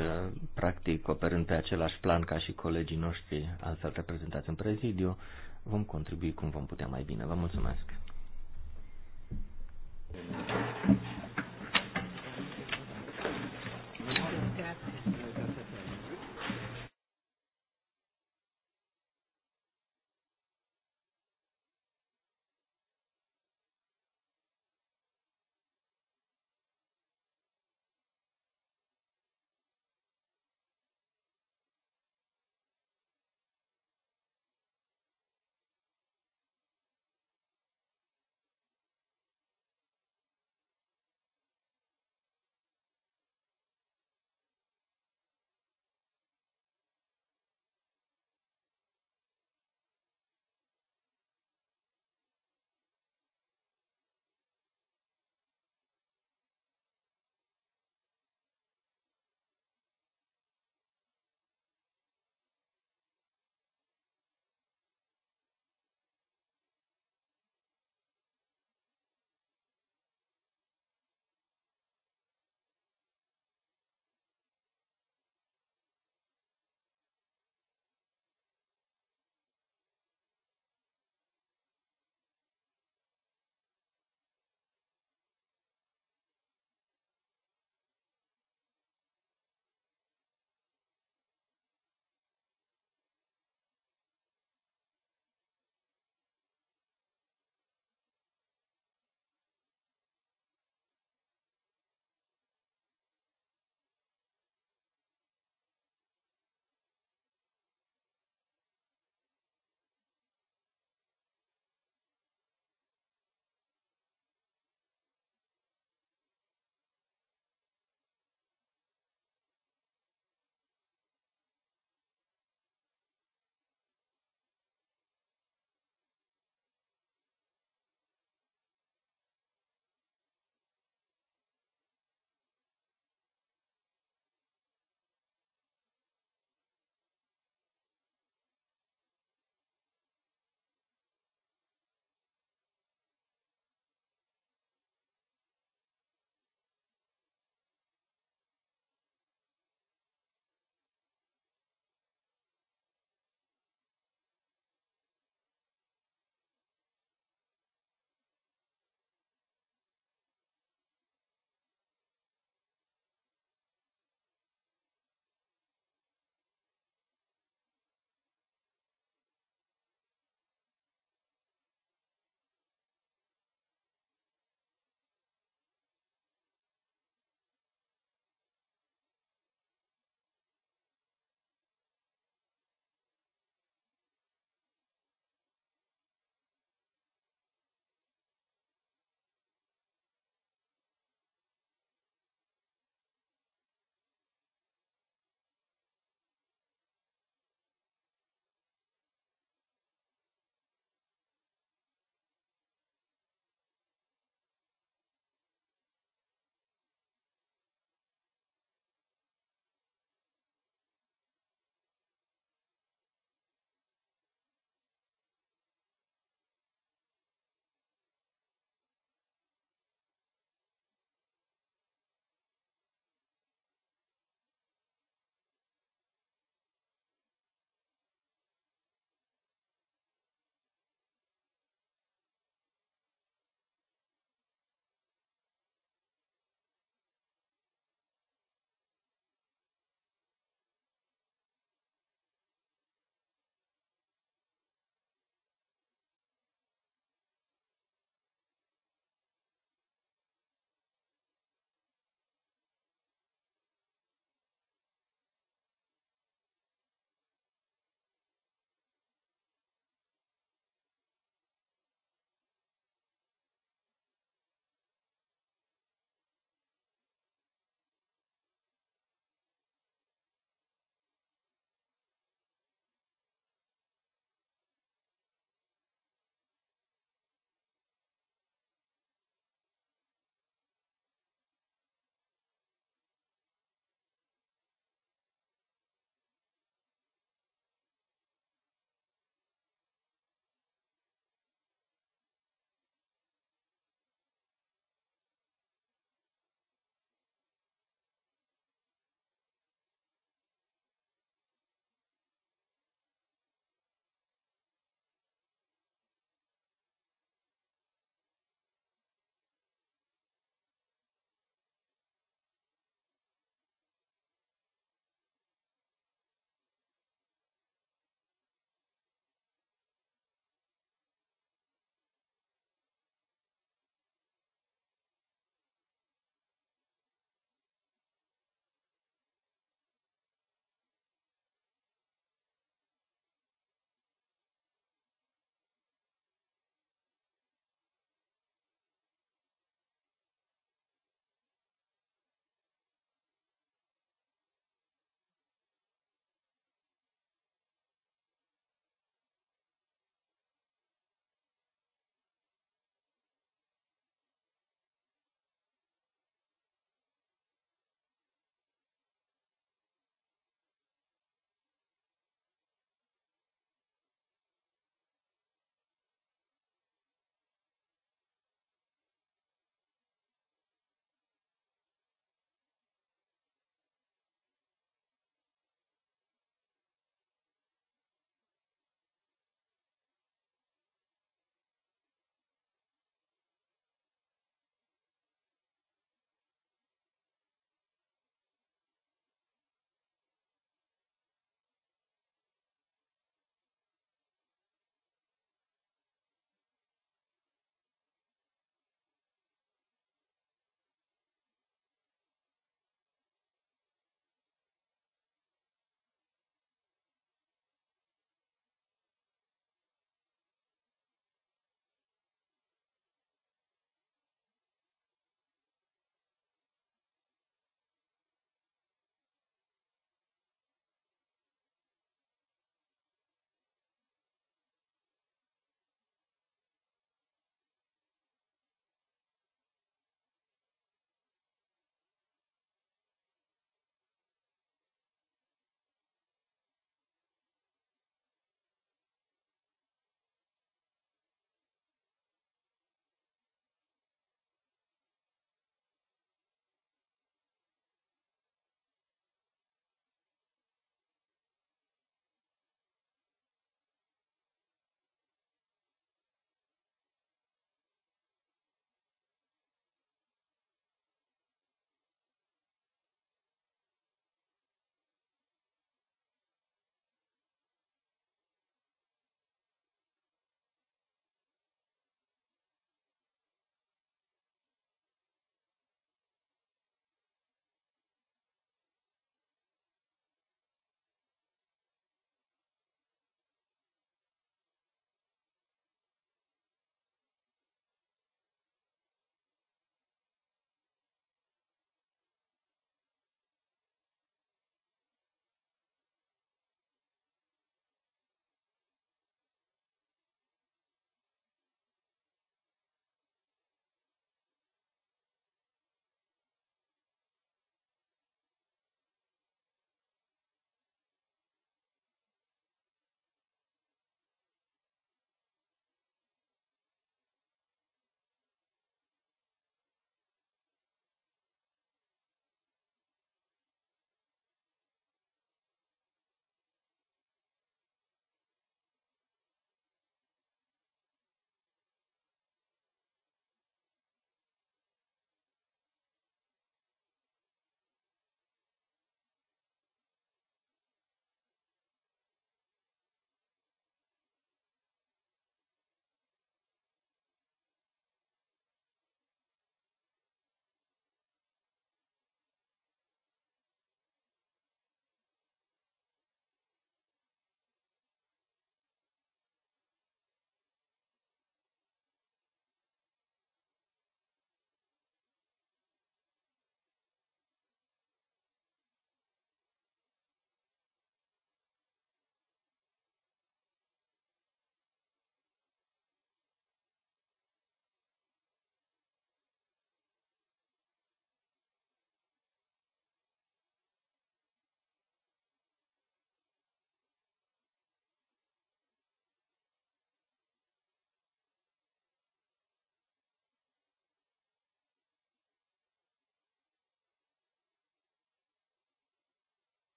practic, operând pe același plan ca și colegii noștri altfel reprezentați în prezidiu. Vom contribui cum vom putea mai bine. Vă mulțumesc!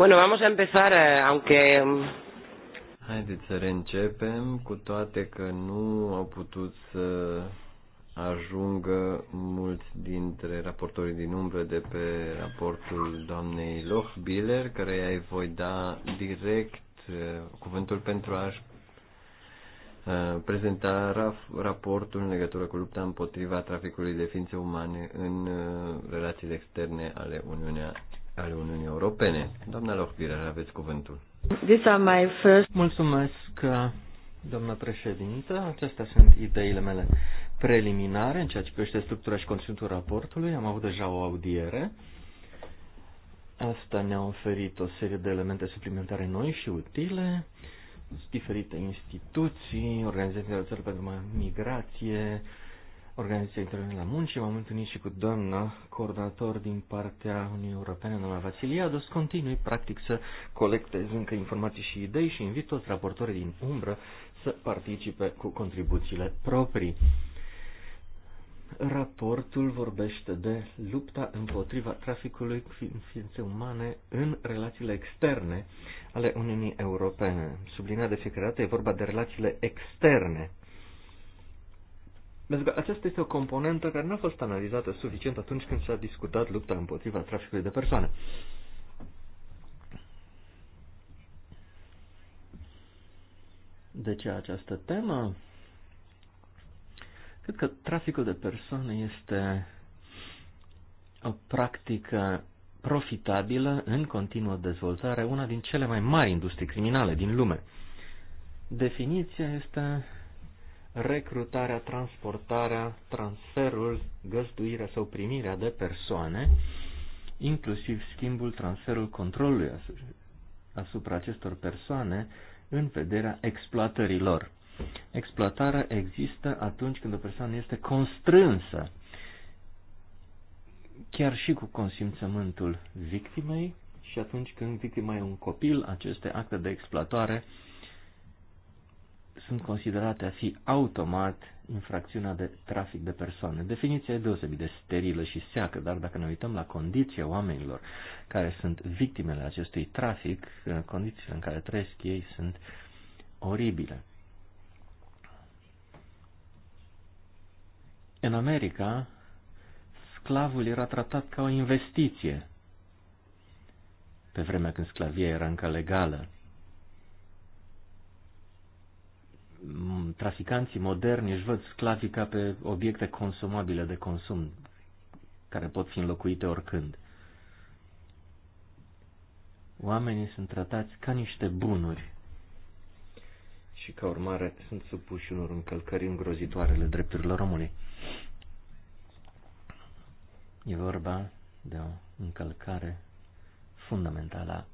Bueno, vamos a empezar, eh, aunque... Mm, Haideți să reîncepem, cu toate că nu au putut să ajungă mulți dintre raportorii din umbră de pe raportul doamnei Lochbiller, care i-ai voi da direct eh, cuvântul pentru a-și eh, prezenta raportul în legătură cu lupta împotriva traficului de ființe umane în relațiile externe ale Uniunea, ale Uniunii Europene. Doamna Lohbirer, aveți cuvântul. These are my first... Mulțumesc, doamna președintă. Acestea sunt ideile mele preliminare în ceea ce privește structura și conținutul raportului. Am avut deja o audiere. Asta ne-a oferit o serie de elemente suplimentare noi și utile, diferite instituții, organizații de pentru migrație, Organizația Internațională a Muncii. M-am întâlnit și cu doamna coordonator din partea Uniunii Europene, doamna Vasiliadus. Continui, practic, să colectez încă informații și idei și invit toți raportorii din umbră să participe cu contribuțiile proprii. Raportul vorbește de lupta împotriva traficului în ființe umane în relațiile externe ale Uniunii Europene. Sublinea de fiecare dată e vorba de relațiile externe pentru că aceasta este o componentă care nu a fost analizată suficient atunci când s-a discutat lupta împotriva traficului de persoane. De deci, ce această temă? Cred că traficul de persoane este o practică profitabilă în continuă dezvoltare, una din cele mai mari industrii criminale din lume. Definiția este recrutarea, transportarea, transferul, găzduirea sau primirea de persoane, inclusiv schimbul, transferul controlului asupra acestor persoane în vederea exploatărilor. Exploatarea există atunci când o persoană este constrânsă, chiar și cu consimțământul victimei, și atunci când victima e un copil, aceste acte de exploatare uh, sunt considerate a fi automat infracțiunea de trafic de persoane. Definiția e deosebit de sterilă și seacă, dar dacă ne uităm la condiția oamenilor care sunt victimele acestui trafic, condițiile în care trăiesc ei sunt oribile. În America, sclavul era tratat ca o investiție, pe vremea când sclavia era încă legală. traficanții moderni își văd sclavii ca pe obiecte consumabile de consum, care pot fi înlocuite oricând. Oamenii sunt tratați ca niște bunuri și ca urmare sunt supuși unor încălcări îngrozitoare ale drepturilor omului. E vorba de o încălcare fundamentală a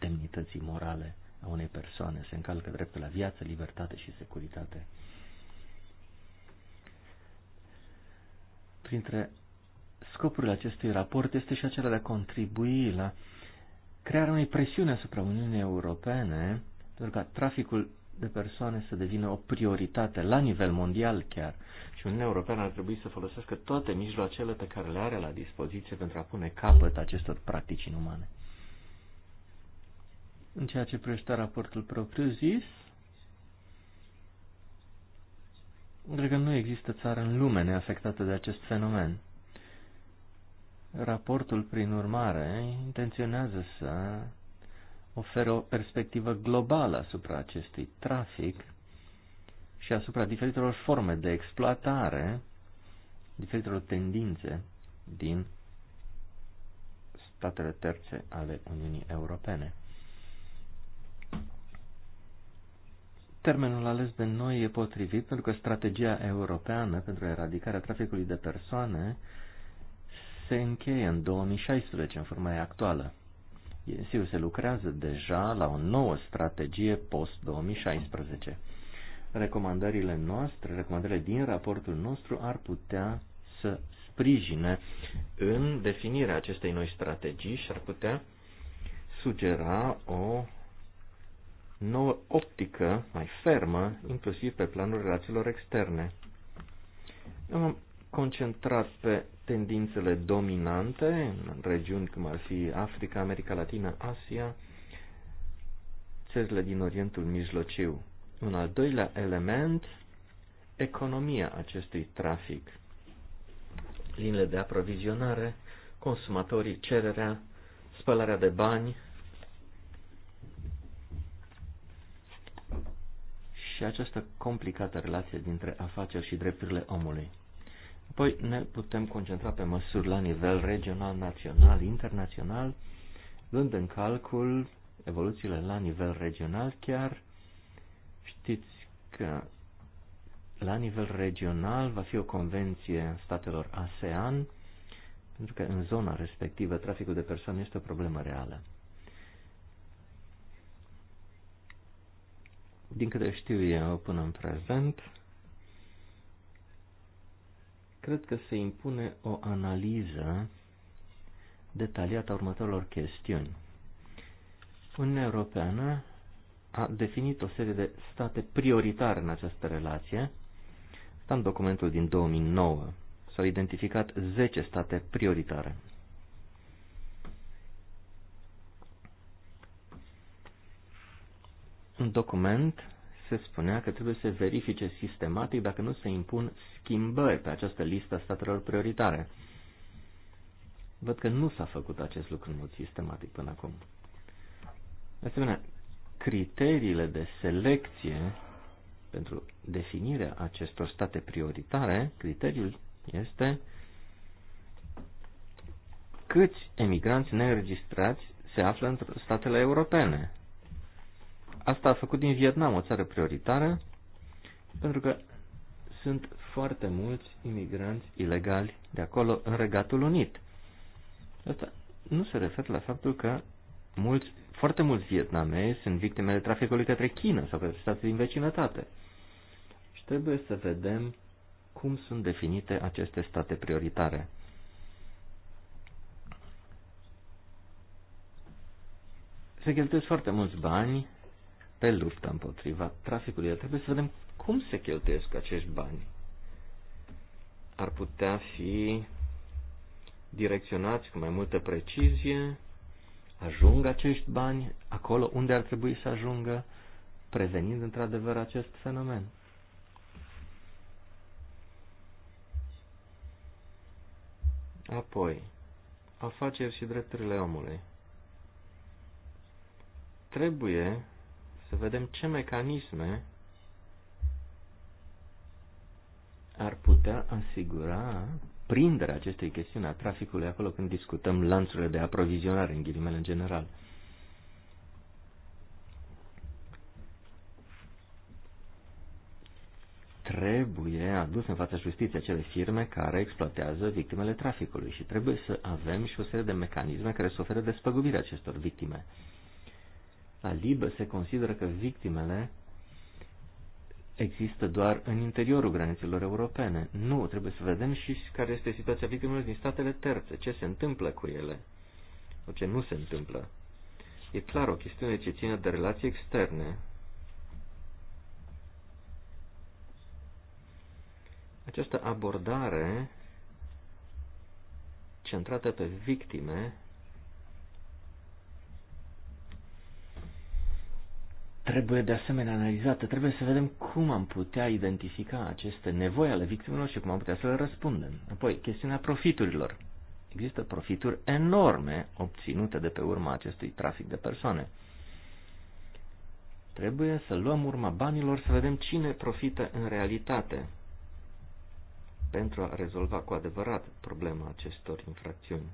demnității morale a unei persoane. Se încalcă dreptul la viață, libertate și securitate. Printre scopurile acestui raport este și acela de a contribui la crearea unei presiuni asupra Uniunii Europene, pentru ca traficul de persoane să devină o prioritate la nivel mondial chiar. Și Uniunea Europeană ar trebui să folosească toate mijloacele pe care le are la dispoziție pentru a pune capăt acestor practici inumane. În ceea ce privește raportul propriu-zis, cred că nu există țară în lume neafectată de acest fenomen. Raportul, prin urmare, intenționează să oferă o perspectivă globală asupra acestui trafic și asupra diferitelor forme de exploatare, diferitelor tendințe din statele terțe ale Uniunii Europene. Termenul ales de noi e potrivit pentru că strategia europeană pentru eradicarea traficului de persoane se încheie în 2016 în forma ei actuală. Sigur, se lucrează deja la o nouă strategie post-2016. Recomandările noastre, recomandările din raportul nostru ar putea să sprijine în definirea acestei noi strategii și ar putea sugera o nouă optică mai fermă, inclusiv pe planul relațiilor externe. Eu am concentrat pe tendințele dominante în regiuni cum ar fi Africa, America Latină, Asia, țările din Orientul Mijlociu. Un al doilea element, economia acestui trafic. Linile de aprovizionare, consumatorii, cererea, spălarea de bani, și această complicată relație dintre afaceri și drepturile omului. Apoi ne putem concentra pe măsuri la nivel regional, național, internațional, luând în calcul evoluțiile la nivel regional chiar. Știți că la nivel regional va fi o convenție statelor ASEAN, pentru că în zona respectivă traficul de persoane este o problemă reală. din câte știu eu până în prezent, cred că se impune o analiză detaliată a următorilor chestiuni. Uniunea Europeană a definit o serie de state prioritare în această relație. Asta în documentul din 2009. S-au identificat 10 state prioritare. Un document se spunea că trebuie să verifice sistematic dacă nu se impun schimbări pe această listă a statelor prioritare. Văd că nu s-a făcut acest lucru în mod sistematic până acum. De asemenea, criteriile de selecție pentru definirea acestor state prioritare, criteriul este câți emigranți neregistrați se află în statele europene. Asta a făcut din Vietnam o țară prioritară, pentru că sunt foarte mulți imigranți ilegali de acolo, în Regatul Unit. Asta nu se referă la faptul că mulți, foarte mulți vietnamezi sunt victimele traficului către China sau către state din vecinătate. Și trebuie să vedem cum sunt definite aceste state prioritare. Se cheltuiesc foarte mulți bani pe lupta împotriva traficului. Trebuie să vedem cum se cheltuiesc acești bani. Ar putea fi direcționați cu mai multă precizie, ajung acești bani acolo unde ar trebui să ajungă, prevenind într-adevăr acest fenomen. Apoi, afaceri și drepturile omului. Trebuie să vedem ce mecanisme ar putea asigura prinderea acestei chestiuni a traficului acolo când discutăm lanțurile de aprovizionare, în ghilimele, în general. Trebuie adus în fața justiției acele firme care exploatează victimele traficului și trebuie să avem și o serie de mecanisme care să ofere despăgubirea acestor victime. La Libă se consideră că victimele există doar în interiorul granițelor europene. Nu, trebuie să vedem și care este situația victimelor din statele terțe, ce se întâmplă cu ele, sau ce nu se întâmplă. E clar o chestiune ce ține de relații externe. Această abordare centrată pe victime trebuie de asemenea analizată. Trebuie să vedem cum am putea identifica aceste nevoi ale victimelor și cum am putea să le răspundem. Apoi, chestiunea profiturilor. Există profituri enorme obținute de pe urma acestui trafic de persoane. Trebuie să luăm urma banilor să vedem cine profită în realitate pentru a rezolva cu adevărat problema acestor infracțiuni.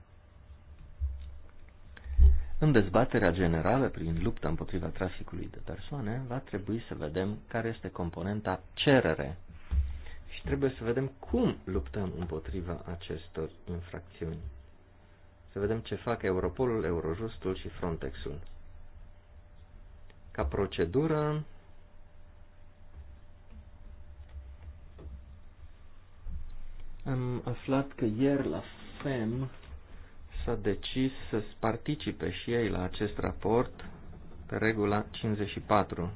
În dezbaterea generală prin lupta împotriva traficului de persoane, va trebui să vedem care este componenta cerere și trebuie să vedem cum luptăm împotriva acestor infracțiuni. Să vedem ce fac Europolul, Eurojustul și Frontexul. Ca procedură, am aflat că ieri la FEM s-a decis să participe și ei la acest raport pe regula 54.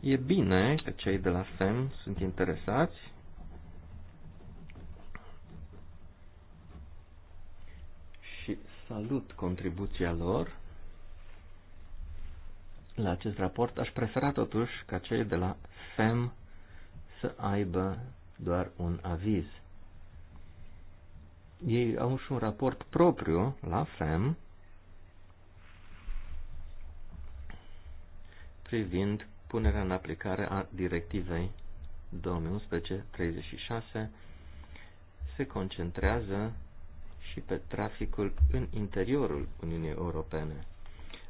E bine că cei de la FEM sunt interesați. Și salut contribuția lor la acest raport. Aș prefera totuși ca cei de la FEM să aibă doar un aviz. Ei au și un raport propriu la FEM privind punerea în aplicare a directivei 2011-36 se concentrează și pe traficul în interiorul Uniunii Europene.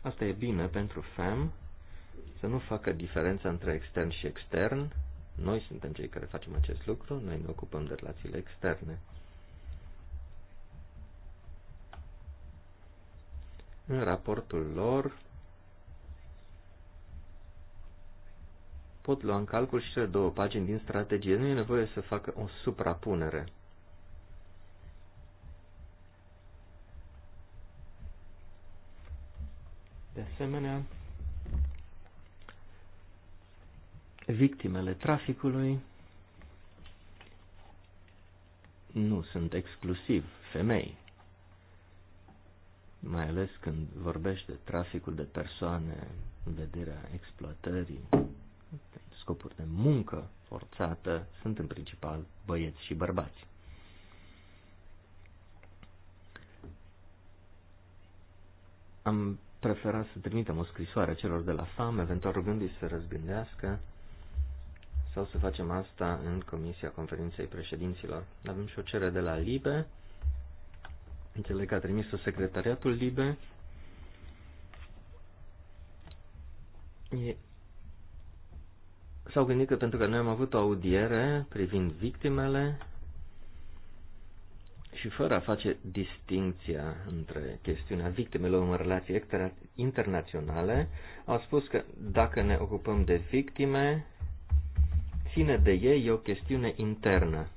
Asta e bine pentru FEM, să nu facă diferența între extern și extern. Noi suntem cei care facem acest lucru, noi ne ocupăm de relațiile externe. în raportul lor pot lua în calcul și cele două pagini din strategie. Nu e nevoie să facă o suprapunere. De asemenea, victimele traficului nu sunt exclusiv femei mai ales când vorbești de traficul de persoane în vederea exploatării, scopuri de muncă forțată, sunt în principal băieți și bărbați. Am preferat să trimitem o scrisoare celor de la FAM, eventual rugându-i să răzgândească sau să facem asta în Comisia Conferinței Președinților. Avem și o cerere de la LIBE, Înțeleg că a trimis-o secretariatul Libe E... S-au gândit că pentru că noi am avut o audiere privind victimele și fără a face distinția între chestiunea victimelor în relații internaționale, au spus că dacă ne ocupăm de victime, ține de ei e o chestiune internă.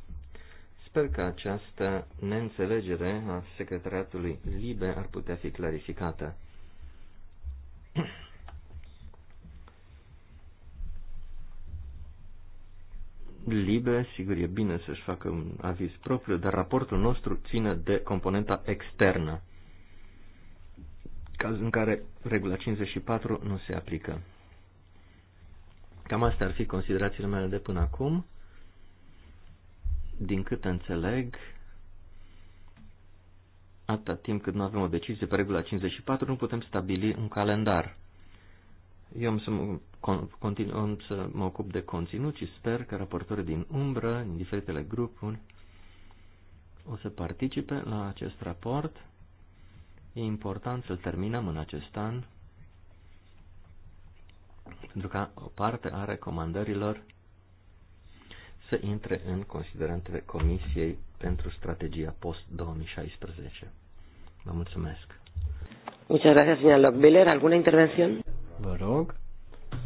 Sper că această neînțelegere a secretariatului LIBE ar putea fi clarificată. Libe, sigur, e bine să-și facă un aviz propriu, dar raportul nostru ține de componenta externă, caz în care regula 54 nu se aplică. Cam astea ar fi considerațiile mele de până acum din cât înțeleg, atâta timp cât nu avem o decizie pe regula 54, nu putem stabili un calendar. Eu am să mă, continu, am să mă ocup de conținut și sper că raportorii din umbră, din diferitele grupuri, o să participe la acest raport. E important să-l terminăm în acest an, pentru că o parte a recomandărilor să intre în considerantele Comisiei pentru strategia post-2016. Vă mulțumesc. Muchas gracias, señora Lockbiller. ¿Alguna intervención? Vă rog,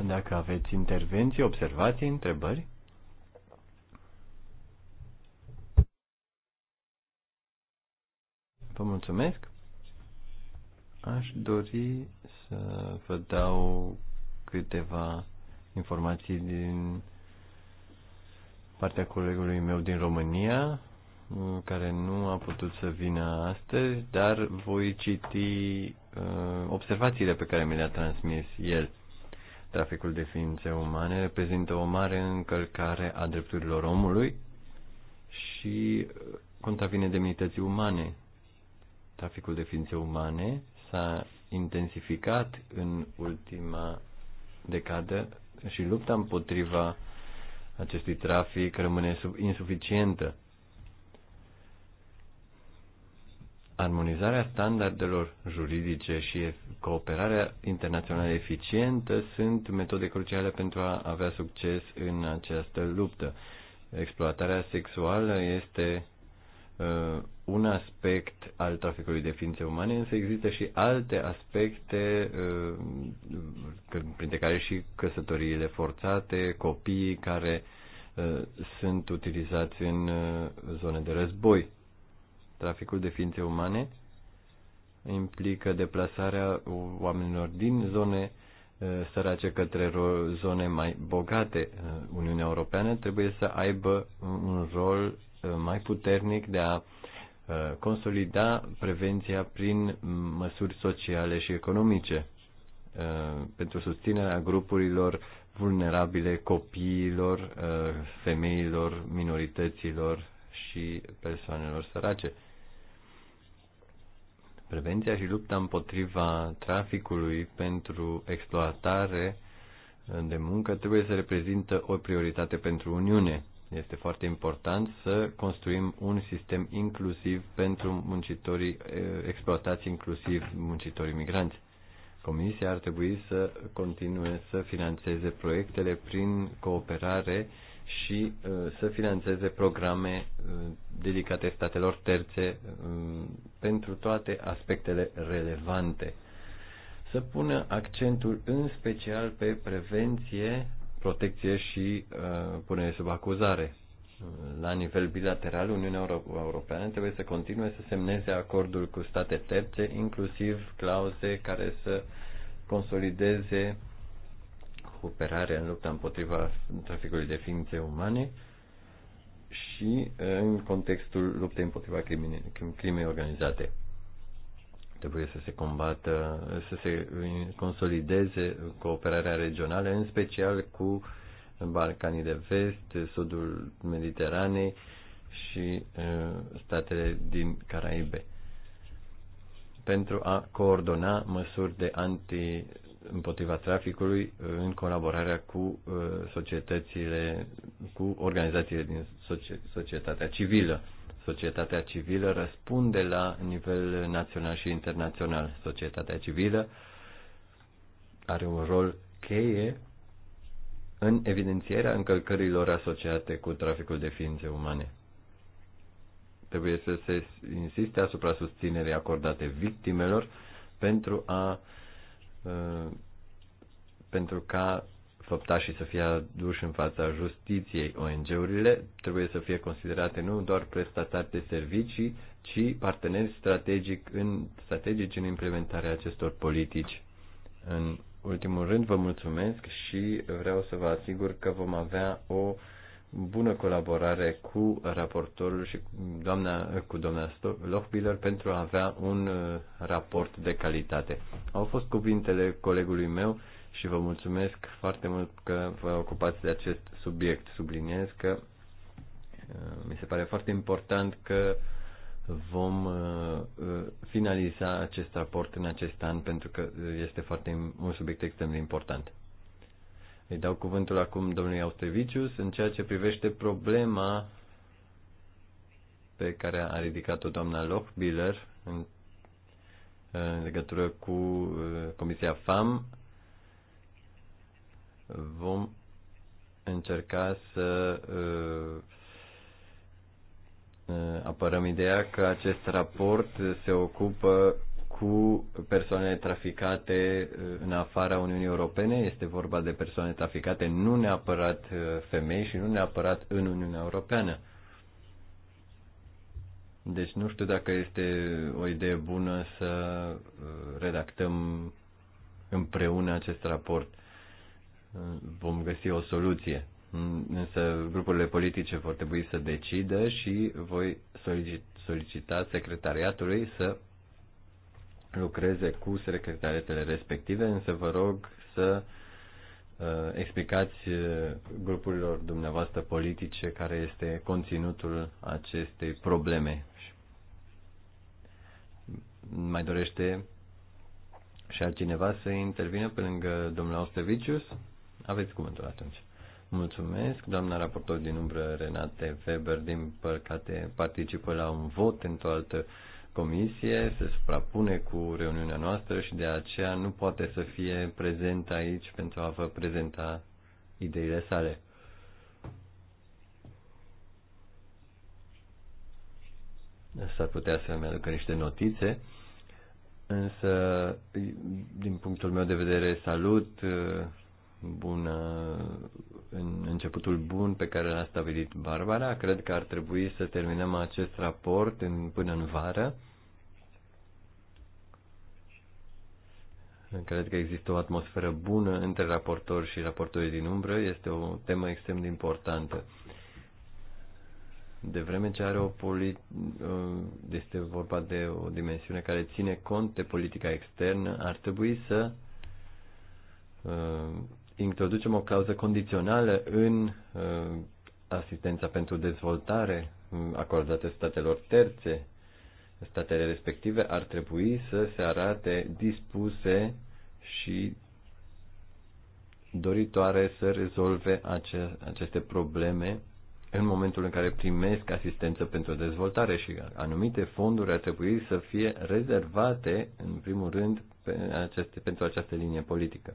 dacă aveți intervenții, observații, întrebări. Vă mulțumesc. Aș dori să vă dau câteva informații din partea colegului meu din România, mm, care nu a putut să vină astăzi, dar voi citi uh, observațiile pe care mi le-a transmis el. Traficul de ființe umane reprezintă o mare încălcare a drepturilor omului și uh, contravine demnității umane. Traficul de ființe umane s-a intensificat în ultima decadă și lupta împotriva acestui trafic rămâne insuficientă. Armonizarea standardelor juridice și cooperarea internațională eficientă sunt metode cruciale pentru a avea succes în această luptă. Exploatarea sexuală este Uh, un aspect al traficului de ființe umane, însă există și alte aspecte, uh, printre care și căsătoriile forțate, copiii care uh, sunt utilizați în zone de război. Traficul de ființe umane implică deplasarea oamenilor din zone sărace către zone mai bogate. Uniunea Europeană trebuie să aibă un rol Uh, mai puternic de a uh, consolida prevenția prin măsuri sociale și economice uh, pentru susținerea grupurilor vulnerabile, copiilor, femeilor, minorităților și persoanelor sărace. Prevenția și lupta împotriva traficului pentru exploatare de muncă trebuie să reprezintă o prioritate pentru Uniune. Este foarte important să construim un sistem inclusiv pentru muncitorii eh, exploatați, inclusiv muncitorii migranți. Comisia ar trebui să continue să financeze proiectele prin cooperare și eh, să financeze programe eh, dedicate statelor terțe pentru toate aspectele relevante. Să pună accentul în special pe prevenție protecție și uh, punere sub acuzare. La nivel bilateral, Uniunea Europeană trebuie să continue să semneze acordul cu state terțe, inclusiv clauze care să consolideze cooperarea în lupta împotriva traficului de ființe umane și uh, în contextul luptei împotriva crimei organizate. Trebuie să se combată, să se consolideze cooperarea regională, în special cu Balcanii de Vest, Sudul Mediteranei și statele din Caraibe pentru a coordona măsuri de anti împotriva traficului în colaborarea cu societățile, cu organizațiile din societatea civilă. Societatea civilă răspunde la nivel național și internațional. Societatea civilă are un rol cheie în evidențierea încălcărilor asociate cu traficul de ființe umane. Trebuie să se insiste asupra susținerii acordate victimelor pentru a uh, pentru ca făptașii să fie aduși în fața justiției. ONG-urile trebuie să fie considerate nu doar prestatari de servicii, ci parteneri strategic în, strategici în implementarea acestor politici. În ultimul rând, vă mulțumesc și vreau să vă asigur că vom avea o bună colaborare cu raportorul și cu doamna, cu doamna Lochbiller pentru a avea un uh, raport de calitate. Au fost cuvintele colegului meu și vă mulțumesc foarte mult că vă ocupați de acest subiect. Subliniez că uh, mi se pare foarte important că vom uh, uh, finaliza acest raport în acest an pentru că este foarte un subiect extrem de important. Îi dau cuvântul acum domnului Austrevicius în ceea ce privește problema pe care a ridicat-o doamna Lochbiller în, în legătură cu Comisia FAM vom încerca să uh, uh, apărăm ideea că acest raport se ocupă cu persoane traficate uh, în afara Uniunii Europene. Este vorba de persoane traficate nu neapărat femei și nu neapărat în Uniunea Europeană. Deci nu știu dacă este o idee bună să redactăm împreună acest raport vom găsi o soluție. Însă grupurile politice vor trebui să decidă și voi solicita secretariatului să lucreze cu secretariatele respective, însă vă rog să uh, explicați uh, grupurilor dumneavoastră politice care este conținutul acestei probleme. Mai dorește și altcineva să intervină pe lângă domnul Ostevicius? Aveți cuvântul atunci. Mulțumesc, doamna raportor din umbră Renate Weber, din păcate participă la un vot într-o altă comisie, se suprapune cu reuniunea noastră și de aceea nu poate să fie prezent aici pentru a vă prezenta ideile sale. S-ar putea să-mi aducă niște notițe, însă, din punctul meu de vedere, salut bună, în începutul bun pe care l-a stabilit Barbara. Cred că ar trebui să terminăm acest raport în, până în vară. Cred că există o atmosferă bună între raportori și raportorii din umbră. Este o temă extrem de importantă. De vreme ce are o polit... Uh, este vorba de o dimensiune care ține cont de politica externă, ar trebui să uh, introducem o clauză condițională în uh, asistența pentru dezvoltare uh, acordată statelor terțe. Statele respective ar trebui să se arate dispuse și doritoare să rezolve ace- aceste probleme în momentul în care primesc asistență pentru dezvoltare și anumite fonduri ar trebui să fie rezervate, în primul rând, pe aceste, pentru această linie politică.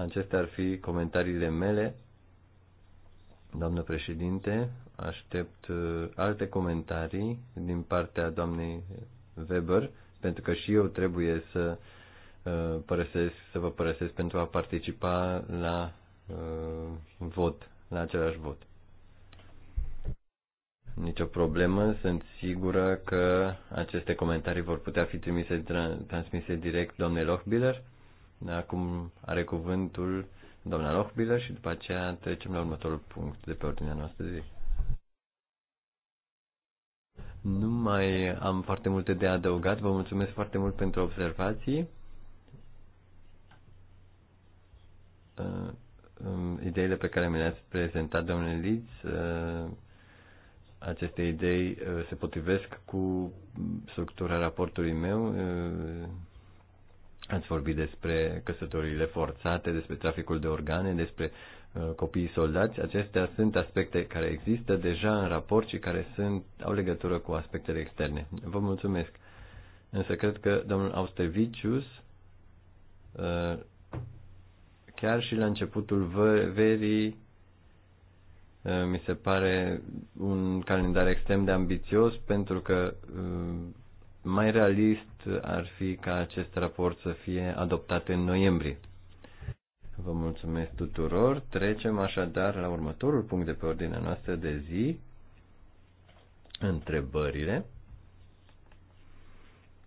Acestea ar fi comentariile mele. Doamnă președinte, aștept uh, alte comentarii din partea doamnei Weber, pentru că și eu trebuie să uh, părăsesc, să vă părăsesc pentru a participa la uh, vot, la același vot. Nicio problemă, sunt sigură că aceste comentarii vor putea fi trimise, transmise direct doamnei Lochbiller. Acum are cuvântul doamna Lochbiller și după aceea trecem la următorul punct de pe ordinea noastră zi. Nu mai am foarte multe de adăugat. Vă mulțumesc foarte mult pentru observații. Uh, ideile pe care mi le-ați prezentat, domnule Liz, uh, aceste idei uh, se potrivesc cu structura raportului meu Ați vorbit despre căsătorile forțate, despre traficul de organe, despre uh, copiii soldați. Acestea sunt aspecte care există deja în raport și care sunt, au legătură cu aspectele externe. Vă mulțumesc. Însă cred că domnul Austevicius, uh, chiar și la începutul verii, uh, mi se pare un calendar extrem de ambițios pentru că mai realist ar fi ca acest raport să fie adoptat în noiembrie. Vă mulțumesc tuturor. Trecem așadar la următorul punct de pe ordinea noastră de zi. Întrebările.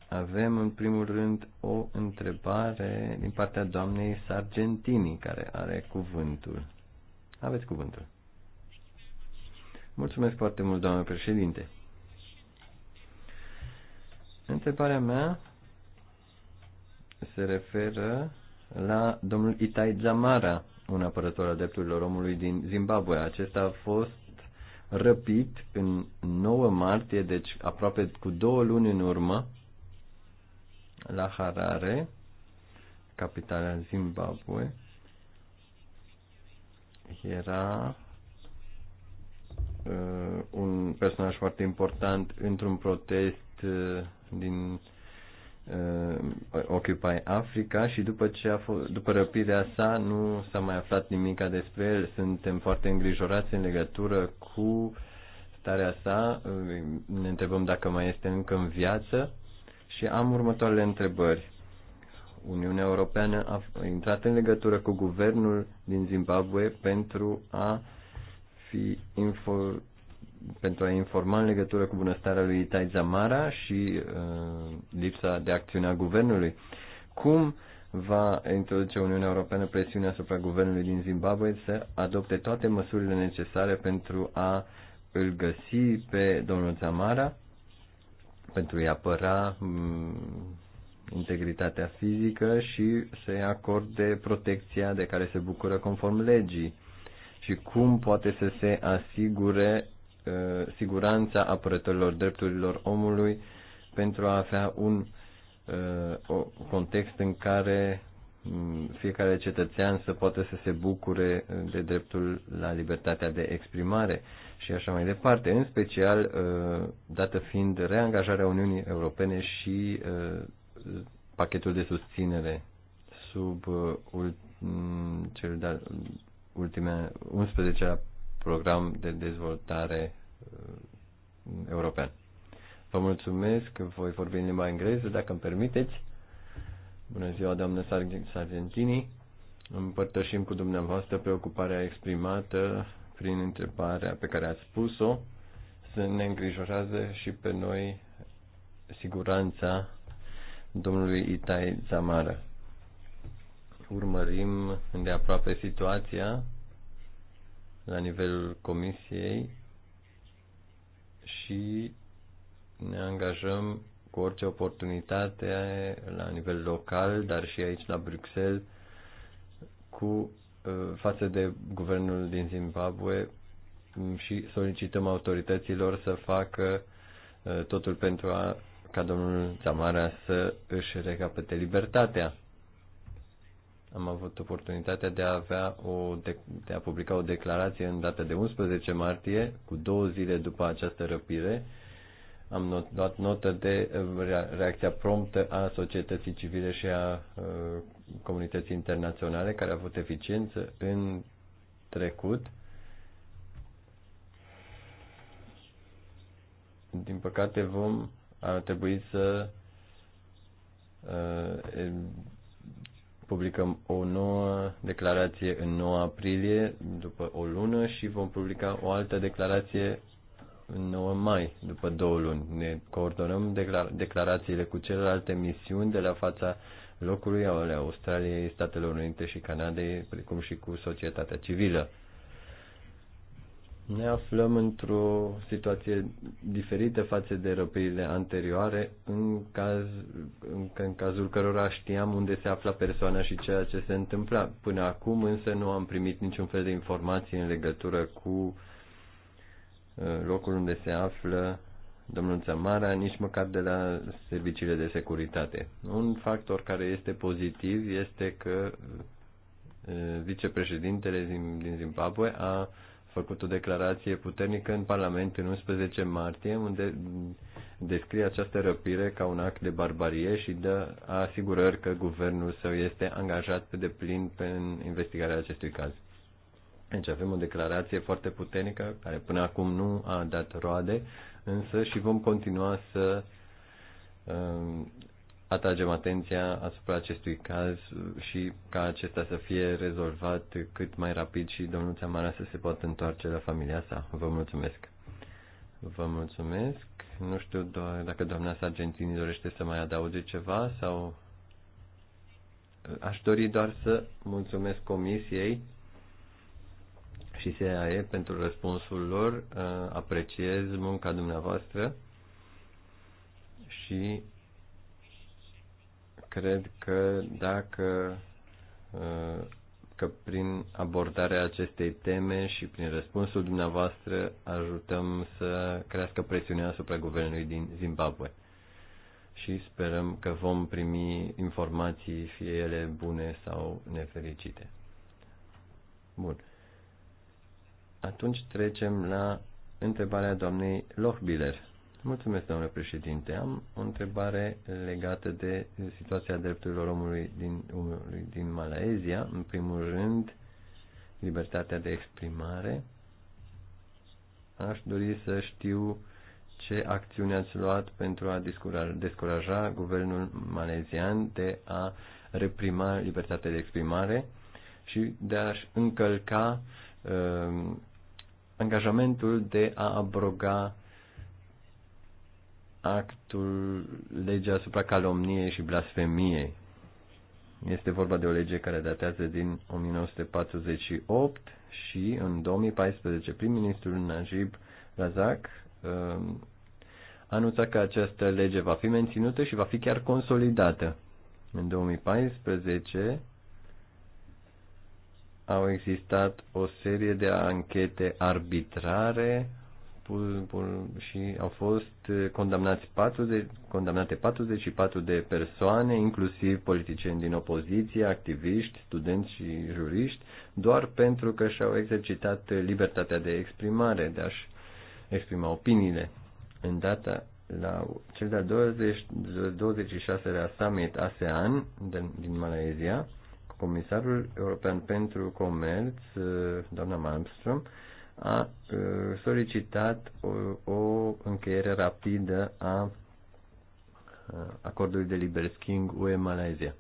Avem în primul rând o întrebare din partea doamnei Sargentini, care are cuvântul. Aveți cuvântul. Mulțumesc foarte mult, doamnă președinte. Întrebarea mea se referă la domnul Itai Zamara, un apărător al drepturilor omului din Zimbabwe. Acesta a fost răpit în 9 martie, deci aproape cu două luni în urmă, la Harare, capitala Zimbabwe. Era uh, un personaj foarte important într-un protest uh, din uh, Occupy Africa și după, ce a fost după răpirea sa nu s-a mai aflat nimica despre el. Suntem foarte îngrijorați în legătură cu starea sa, uh, ne întrebăm dacă mai este încă în viață și am următoarele întrebări. Uniunea Europeană a intrat în legătură cu guvernul din Zimbabwe pentru a fi info- pentru a informa în legătură cu bunăstarea lui Itai Zamara și uh, lipsa de acțiune a guvernului. Cum va introduce Uniunea Europeană presiunea asupra guvernului din Zimbabwe să adopte toate măsurile necesare pentru a îl găsi pe domnul Zamara, pentru a-i apăra mm, integritatea fizică și să-i acorde protecția de care se bucură conform legii și cum poate să se asigure Uh, siguranța apărătorilor drepturilor omului pentru a avea un uh, context în care mm, fiecare cetățean să poată să se bucure uh, de dreptul la libertatea de exprimare și așa mai departe, în special uh, dată fiind reangajarea Uniunii Europene și pachetul de susținere sub mm, cel de-al ultime 11 program de dezvoltare uh, european. Vă mulțumesc, voi vorbi în limba engleză, dacă îmi permiteți. Bună ziua, doamnă Sargentini. Împărtășim cu dumneavoastră preocuparea exprimată prin întrebarea pe care ați spus-o. Să ne îngrijorează și pe noi siguranța domnului Itai Zamara. Urmărim îndeaproape situația la nivelul comisiei și ne angajăm cu orice oportunitate la nivel local, dar și aici la Bruxelles, cu uh, față de guvernul din Zimbabwe și solicităm autorităților să facă uh, totul pentru a, ca domnul Zamara să își recapete libertatea am avut oportunitatea de a, avea o, de, de a publica o declarație în data de 11 martie, cu două zile după această răpire. Am not, luat notă de uh, reacția promptă a societății civile și a, a uh, comunității internaționale, care a avut eficiență în trecut. Din păcate vom ar trebui să uh, publicăm o nouă declarație în 9 aprilie, după o lună, și vom publica o altă declarație în 9 mai, după două luni. Ne coordonăm declara- declarațiile cu celelalte misiuni de la fața locului ale Australiei, Statelor Unite și Canadei, precum și cu societatea civilă. Ne aflăm într-o situație diferită față de răpirile anterioare, în, caz, în, în cazul cărora știam unde se afla persoana și ceea ce se întâmpla. Până acum însă nu am primit niciun fel de informații în legătură cu uh, locul unde se află domnul Țămara, nici măcar de la serviciile de securitate. Un factor care este pozitiv este că uh, vicepreședintele din, Zimbabwe a făcut o declarație puternică în Parlament în 11 martie, unde descrie această răpire ca un act de barbarie și dă asigurări că guvernul său este angajat pe deplin în investigarea acestui caz. Deci avem o declarație foarte puternică, care până acum nu a dat roade, însă și vom continua să um, atragem atenția asupra acestui caz și ca acesta să fie rezolvat cât mai rapid și domnul Țamara să se poată întoarce la familia sa. Vă mulțumesc. Vă mulțumesc. Nu știu doar dacă doamna Sargentini dorește să mai adauge ceva sau... Aș dori doar să mulțumesc comisiei și SAE pentru răspunsul lor. Apreciez munca dumneavoastră și cred că dacă uh, că prin abordarea acestei teme și prin răspunsul dumneavoastră ajutăm să crească presiunea asupra guvernului din Zimbabwe. Și sperăm că vom primi informații, fie ele bune sau nefericite. Bun. Atunci trecem la întrebarea doamnei Lochbiller. Mulțumesc, domnule președinte. Am o întrebare legată de situația drepturilor omului din, omului din Malaezia. În primul rând, libertatea de exprimare. Aș dori să știu ce acțiuni ați luat pentru a descuraja guvernul malezian de a reprima libertatea de exprimare și de a încălca uh, angajamentul de a abroga actul, legea asupra calomniei și blasfemiei. Este vorba de o lege care datează din 1948 și în 2014 prim-ministrul Najib Razak um, anunța că această lege va fi menținută și va fi chiar consolidată. În 2014 au existat o serie de anchete arbitrare și au fost eh, condamnați 40, condamnate 44 de persoane, inclusiv politicieni din opoziție, activiști, studenți și juriști, doar pentru că și-au exercitat libertatea de exprimare, de a-și exprima opiniile. În data la cel de-al 26-lea summit ASEAN din Malaezia, Comisarul European pentru Comerț, eh, doamna Malmström, a solicitat o, o încheiere rapidă a acordului de liber schimb UE Malaysia.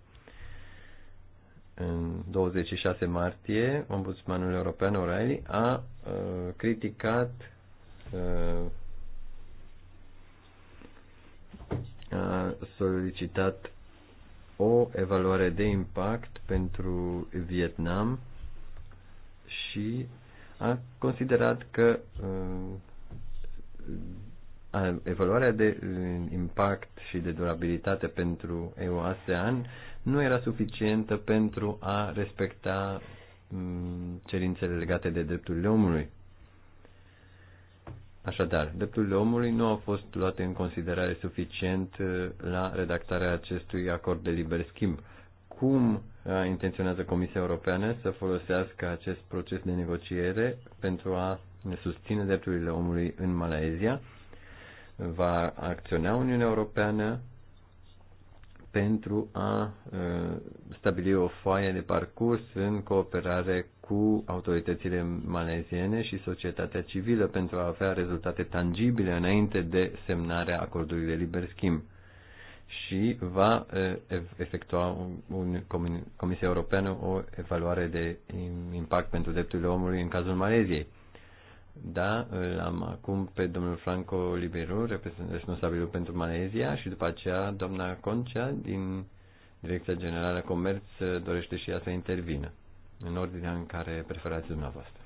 În 26 martie, ombudsmanul european O'Reilly a criticat a solicitat o evaluare de impact pentru Vietnam și a considerat că uh, evaluarea de uh, impact și de durabilitate pentru EU-ASEAN nu era suficientă pentru a respecta mm, cerințele legate de drepturile omului. Așadar, drepturile omului nu au fost luate în considerare suficient uh, la redactarea acestui acord de liber schimb. Cum Uh, intenționează Comisia Europeană să folosească acest proces de negociere pentru a susține drepturile omului în Malaezia? Va acționa Uniunea Europeană pentru a uh, stabili o foaie de parcurs în cooperare cu autoritățile maleziene și societatea civilă pentru a avea rezultate tangibile înainte de semnarea acordului de liber schimb și va efectua un, Comisia Europeană o evaluare de impact pentru drepturile omului în cazul Maleziei. Da, îl am acum pe domnul Franco Liberu, responsabilul pentru Malezia și după aceea doamna Concea din Direcția Generală Comerț dorește și ea să intervină în ordinea în care preferați dumneavoastră.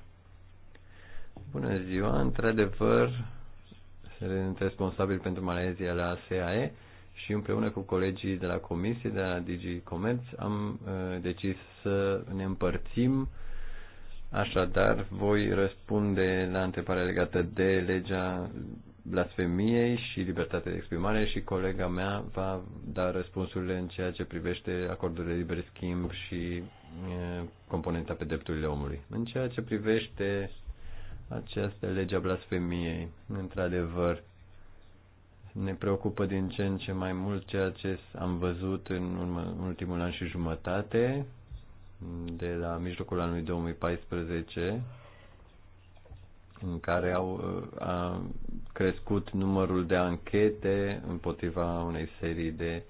Bună ziua, într-adevăr, sunt responsabil pentru Malezia la SAE și împreună cu colegii de la comisie, de la DigiComerț, am uh, decis să ne împărțim. Așadar, voi răspunde la întrebarea legată de legea blasfemiei și libertatea de exprimare și colega mea va da răspunsurile în ceea ce privește acordurile de liber schimb și e, uh, componenta pe drepturile omului. În ceea ce privește această lege a blasfemiei, într-adevăr, ne preocupă din ce în ce mai mult ceea ce am văzut în ultimul an și jumătate, de la mijlocul anului 2014, în care au, a crescut numărul de anchete împotriva unei serii de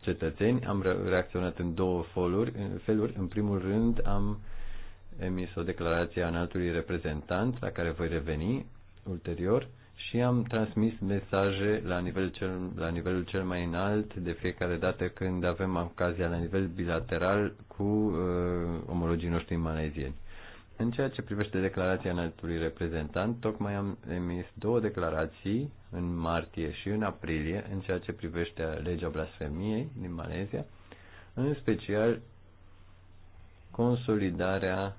cetățeni. Am reacționat în două foluri, feluri. În primul rând am emis o declarație a înaltului reprezentant, la care voi reveni ulterior, și am transmis mesaje la, nivel cel, la nivelul cel mai înalt de fiecare dată când avem ocazia la nivel bilateral cu uh, omologii noștri malezieni. În ceea ce privește declarația înaltului reprezentant, tocmai am emis două declarații în martie și în aprilie în ceea ce privește legea blasfemiei din Malezia, în special consolidarea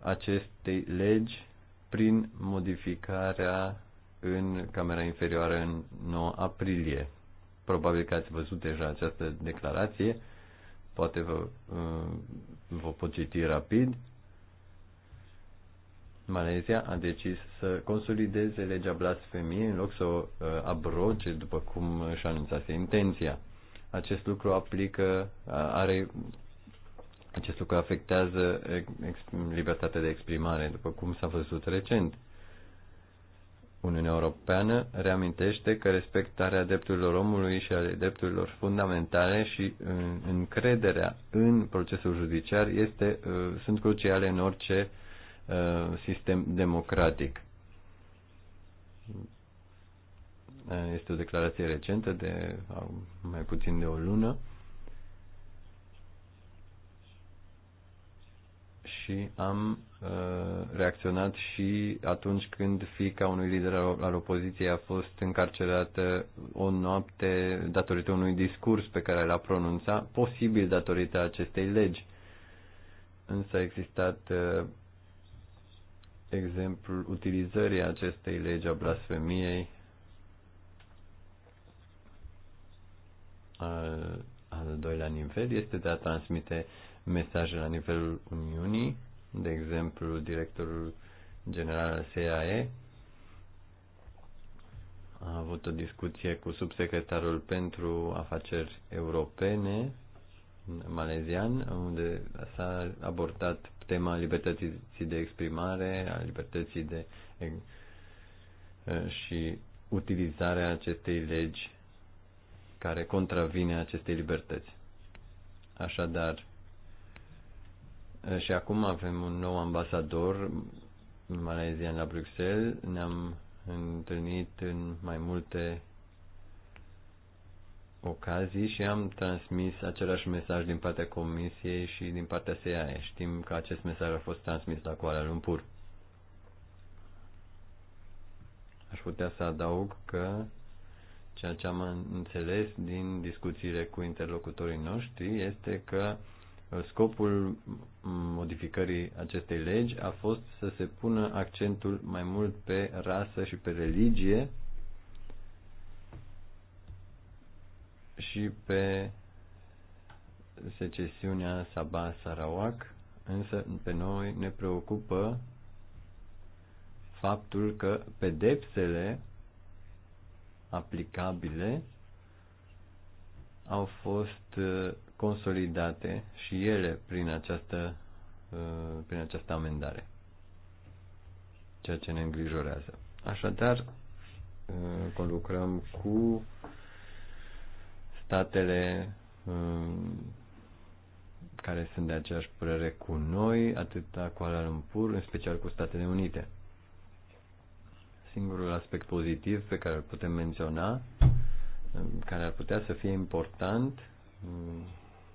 acestei legi prin modificarea în Camera Inferioară în 9 aprilie. Probabil că ați văzut deja această declarație, poate vă, uh, vă pot citi rapid. Malezia a decis să consolideze legea blasfemiei în loc să o uh, abroge după cum și anunțase intenția. Acest lucru aplică, uh, are, acest lucru afectează libertatea de exprimare, după cum s-a văzut recent. Uniunea Europeană reamintește că respectarea drepturilor omului și ale drepturilor fundamentale și uh, încrederea în procesul judiciar este, uh, sunt cruciale în orice uh, sistem democratic. Este o declarație recentă de mai puțin de o lună. Și am Uh, reacționat și atunci când fica unui lider al opoziției a fost încarcerată o noapte datorită unui discurs pe care l-a pronunțat, posibil datorită acestei legi. Însă a existat uh, exemplul utilizării acestei legi a blasfemiei al, uh, al doilea nivel este de a transmite mesaje la nivelul Uniunii de exemplu directorul general al CAE a avut o discuție cu subsecretarul pentru afaceri europene malezian, unde s-a abordat tema libertății de exprimare, a libertății de și utilizarea acestei legi care contravine acestei libertăți. Așadar, Eh, și acum avem un nou ambasador malaezian la Bruxelles. Ne-am întâlnit în mai multe ocazii și am transmis același mesaj din partea Comisiei și din partea SEAE. Știm că acest mesaj a fost transmis la Kuala Lumpur. Aș putea să adaug că ceea ce am înțeles din discuțiile cu interlocutorii noștri este că Scopul modificării acestei legi a fost să se pună accentul mai mult pe rasă și pe religie și pe secesiunea Sabah-Sarawak, însă pe noi ne preocupă faptul că pedepsele aplicabile au fost consolidate și ele prin această, uh, prin această amendare, ceea ce ne îngrijorează. Așadar, uh, conlucrăm cu statele uh, care sunt de aceeași părere cu noi, atât Kuala Lumpur, în special cu Statele Unite. Singurul aspect pozitiv pe care îl putem menționa, care ar putea să fie important,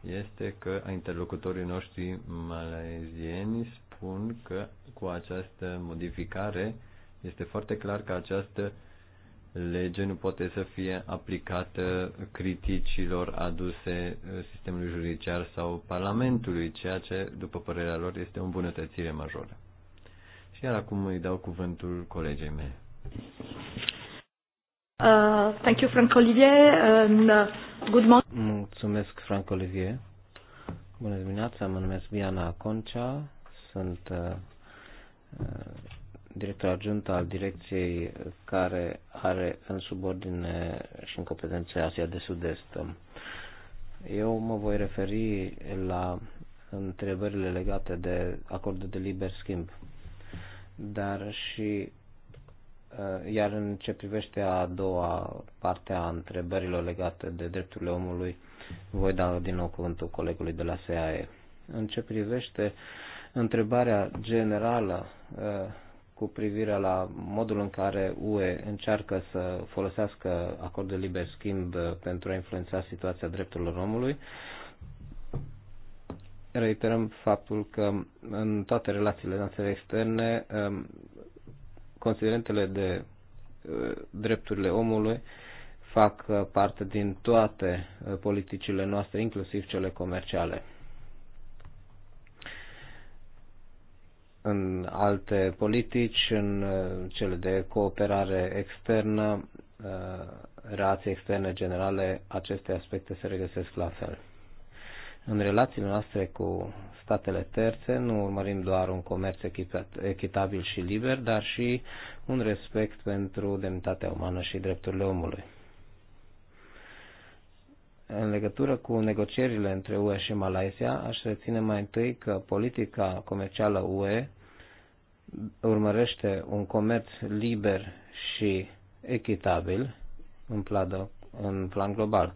este că interlocutorii noștri malezieni spun că cu această modificare este foarte clar că această lege nu poate să fie aplicată criticilor aduse sistemului judiciar sau Parlamentului, ceea ce, după părerea lor, este o îmbunătățire majoră. Și iar acum îi dau cuvântul colegei mele. Uh, thank you, Frank Olivier, and uh, good morning. Mulțumesc, Frank Olivier. Bună dimineața, mă numesc Biana Concea, sunt uh, uh, director adjunct al direcției care are în subordine și în competență Asia de Sud-Est. Eu mă voi referi la întrebările legate de acordul de liber schimb, dar și Uh, iar în ce privește a doua parte a întrebărilor legate de drepturile omului, voi da din nou cuvântul colegului de la SAE. În ce privește întrebarea generală uh, cu privire la modul în care UE încearcă să folosească acordul de liber schimb uh, pentru a influența situația drepturilor omului, reiterăm faptul că în toate relațiile noastre externe um, considerentele de uh, drepturile omului fac uh, parte din toate uh, politicile noastre, inclusiv cele comerciale. În alte politici, în cele de cooperare externă, relații externe generale, aceste aspecte se regăsesc la fel. În relațiile noastre cu statele terțe nu urmărim doar un comerț echitabil și liber, dar și un respect pentru demnitatea umană și drepturile omului. În legătură cu negocierile între UE și Malaysia, aș reține mai întâi că politica comercială UE urmărește un comerț liber și echitabil în pladă, în plan global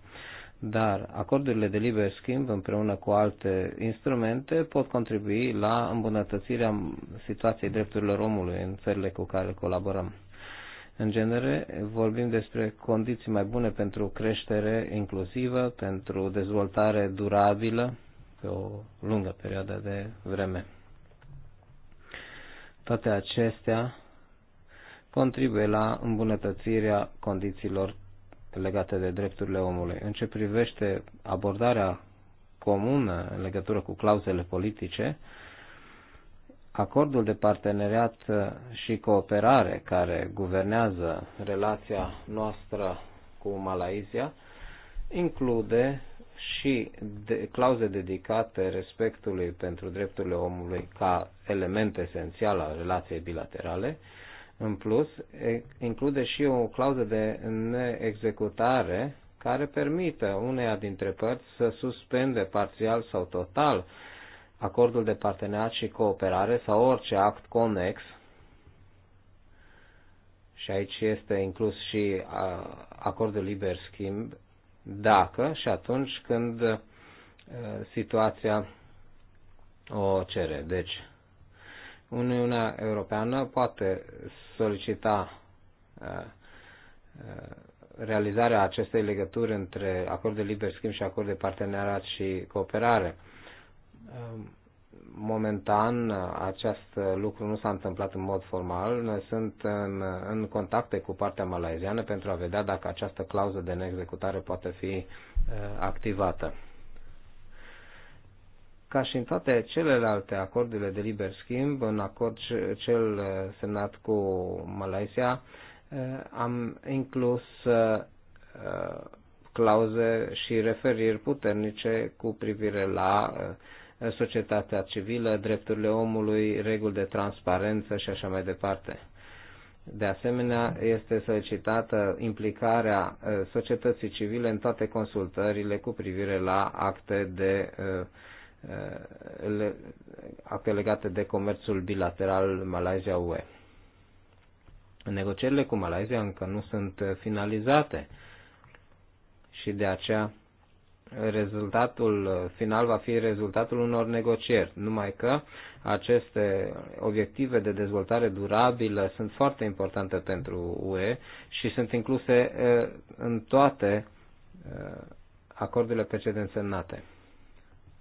dar acordurile de liber schimb împreună cu alte instrumente pot contribui la îmbunătățirea situației drepturilor omului în țările cu care colaborăm. În genere, vorbim despre condiții mai bune pentru creștere inclusivă, pentru dezvoltare durabilă pe o lungă perioadă de vreme. Toate acestea contribuie la îmbunătățirea condițiilor legate de drepturile omului. În ce privește abordarea comună în legătură cu clauzele politice, acordul de parteneriat și cooperare care guvernează relația noastră cu Malaizia include și de, clauze dedicate respectului pentru drepturile omului ca element esențial al relației bilaterale în plus, include și o clauză de neexecutare care permite uneia dintre părți să suspende parțial sau total acordul de parteneriat și cooperare sau orice act conex. Și aici este inclus și acordul liber schimb dacă și atunci când situația o cere. Deci, Uniunea Europeană poate solicita uh, uh, realizarea acestei legături între acord de liber schimb și acord de parteneriat și cooperare. Um, momentan, acest lucru nu s-a întâmplat în mod formal. Noi sunt în, în contacte cu partea malaiziană pentru a vedea dacă această clauză de neexecutare poate fi uh, activată ca și în toate celelalte acordurile de liber schimb, în acord cel uh, semnat cu Malaysia, uh, am inclus uh, clauze și referiri puternice cu privire la societatea civilă, drepturile omului, reguli de transparență și așa mai departe. De asemenea, este solicitată implicarea societății civile în toate consultările cu privire la acte de uh, Uh, acte legate de comerțul bilateral Malaysia-UE. Negocierile cu Malaysia încă nu sunt finalizate și de aceea rezultatul final va fi rezultatul unor negocieri. Numai că aceste obiective de dezvoltare durabilă sunt foarte importante pentru UE și sunt incluse uh, în toate uh, acordurile precedente semnate.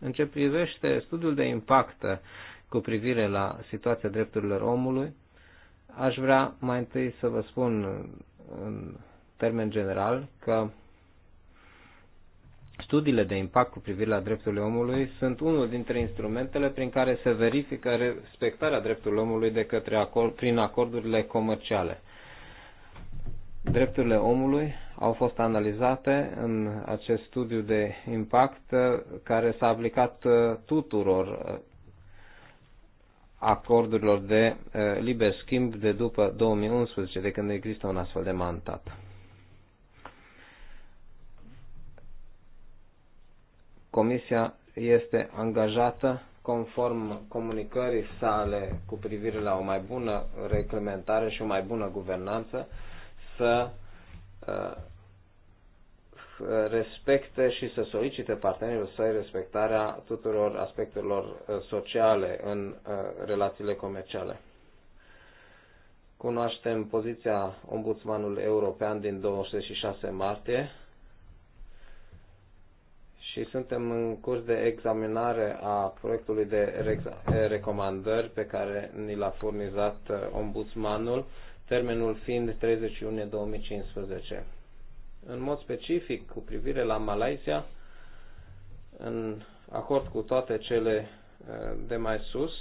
În ce privește studiul de impact cu privire la situația drepturilor omului, aș vrea mai întâi să vă spun în termen general că studiile de impact cu privire la drepturile omului sunt unul dintre instrumentele prin care se verifică respectarea drepturilor omului de către acord, prin acordurile comerciale drepturile omului au fost analizate în acest studiu de impact uh, care s-a aplicat uh, tuturor uh, acordurilor de liber schimb de după 2011, de când există un astfel de mandat. Comisia este angajată conform comunicării sale cu privire la o mai bună reglementare și o mai bună guvernanță să uh, respecte și să solicite partenerilor săi respectarea tuturor aspectelor uh, sociale în uh, relațiile comerciale. Cunoaștem poziția Ombudsmanului European din 26 martie și suntem în curs de examinare a proiectului de recomandări pe care ni l-a furnizat Ombudsmanul termenul fiind 30 iunie 2015. În mod specific, cu privire la Malaysia, în acord cu toate cele eh, de mai sus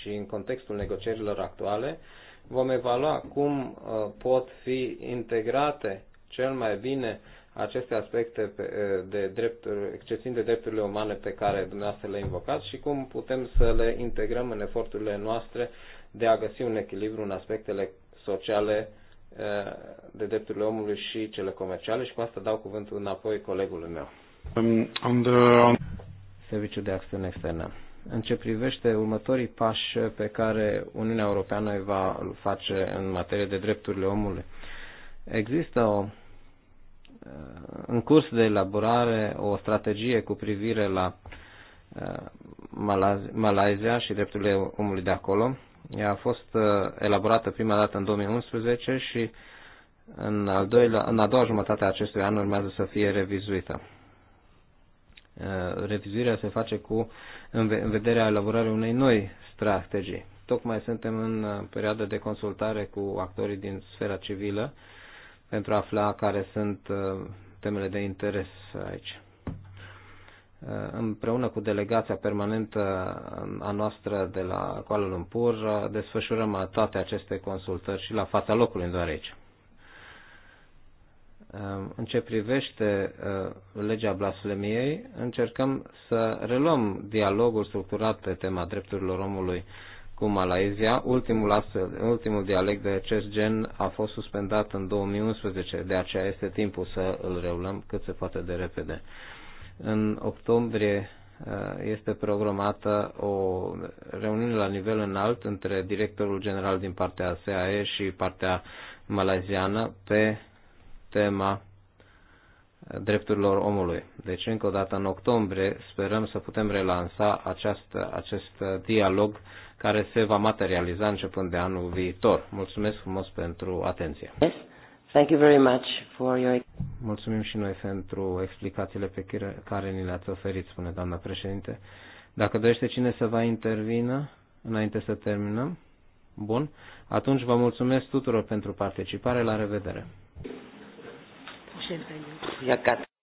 și în contextul negocierilor actuale, vom evalua cum eh, pot fi integrate cel mai bine aceste aspecte eh, de drepturi, ce de drepturile umane pe care dumneavoastră le invocați și cum putem să le integrăm în eforturile noastre de a găsi un echilibru în aspectele sociale eh, de drepturile omului și cele comerciale și cu asta dau cuvântul înapoi colegului meu. Um, the... Serviciul de acțiune externă. În ce privește următorii pași pe care Uniunea Europeană îi va face în materie de drepturile omului, există o, eh, în curs de elaborare o strategie cu privire la eh, Malaizia și drepturile omului de acolo, ea a fost uh, elaborată prima dată în 2011 și în, al doilea, în a doua jumătate a acestui an urmează să fie revizuită. Uh, revizuirea se face cu în vederea elaborării unei noi strategii. Tocmai suntem în uh, perioadă de consultare cu actorii din sfera civilă pentru a afla care sunt temele de interes aici. Uh, împreună cu delegația permanentă uh, a noastră de la Kuala Lumpur, uh, desfășurăm toate aceste consultări și la fața locului în aici. În ce privește legea blasfemiei, încercăm să reluăm dialogul structurat pe tema drepturilor omului cu Malaezia. Ultimul, astfel, ultimul dialog de acest gen a fost suspendat în 2011, de aceea este timpul să îl reulăm cât se poate de repede. În octombrie uh, este programată o reuniune la nivel înalt între directorul general din partea SAE și partea malaziană pe tema drepturilor omului. Deci, încă o dată, în octombrie, sperăm să putem relansa acest, acest dialog care se va materializa începând de anul viitor. Mulțumesc frumos pentru atenție. Thank you very much for your... Mulțumim și noi pentru explicațiile pe care ni le-ați oferit, spune doamna președinte. Dacă dorește cine să va intervină înainte să terminăm, bun, atunci vă mulțumesc tuturor pentru participare. La revedere! Ja,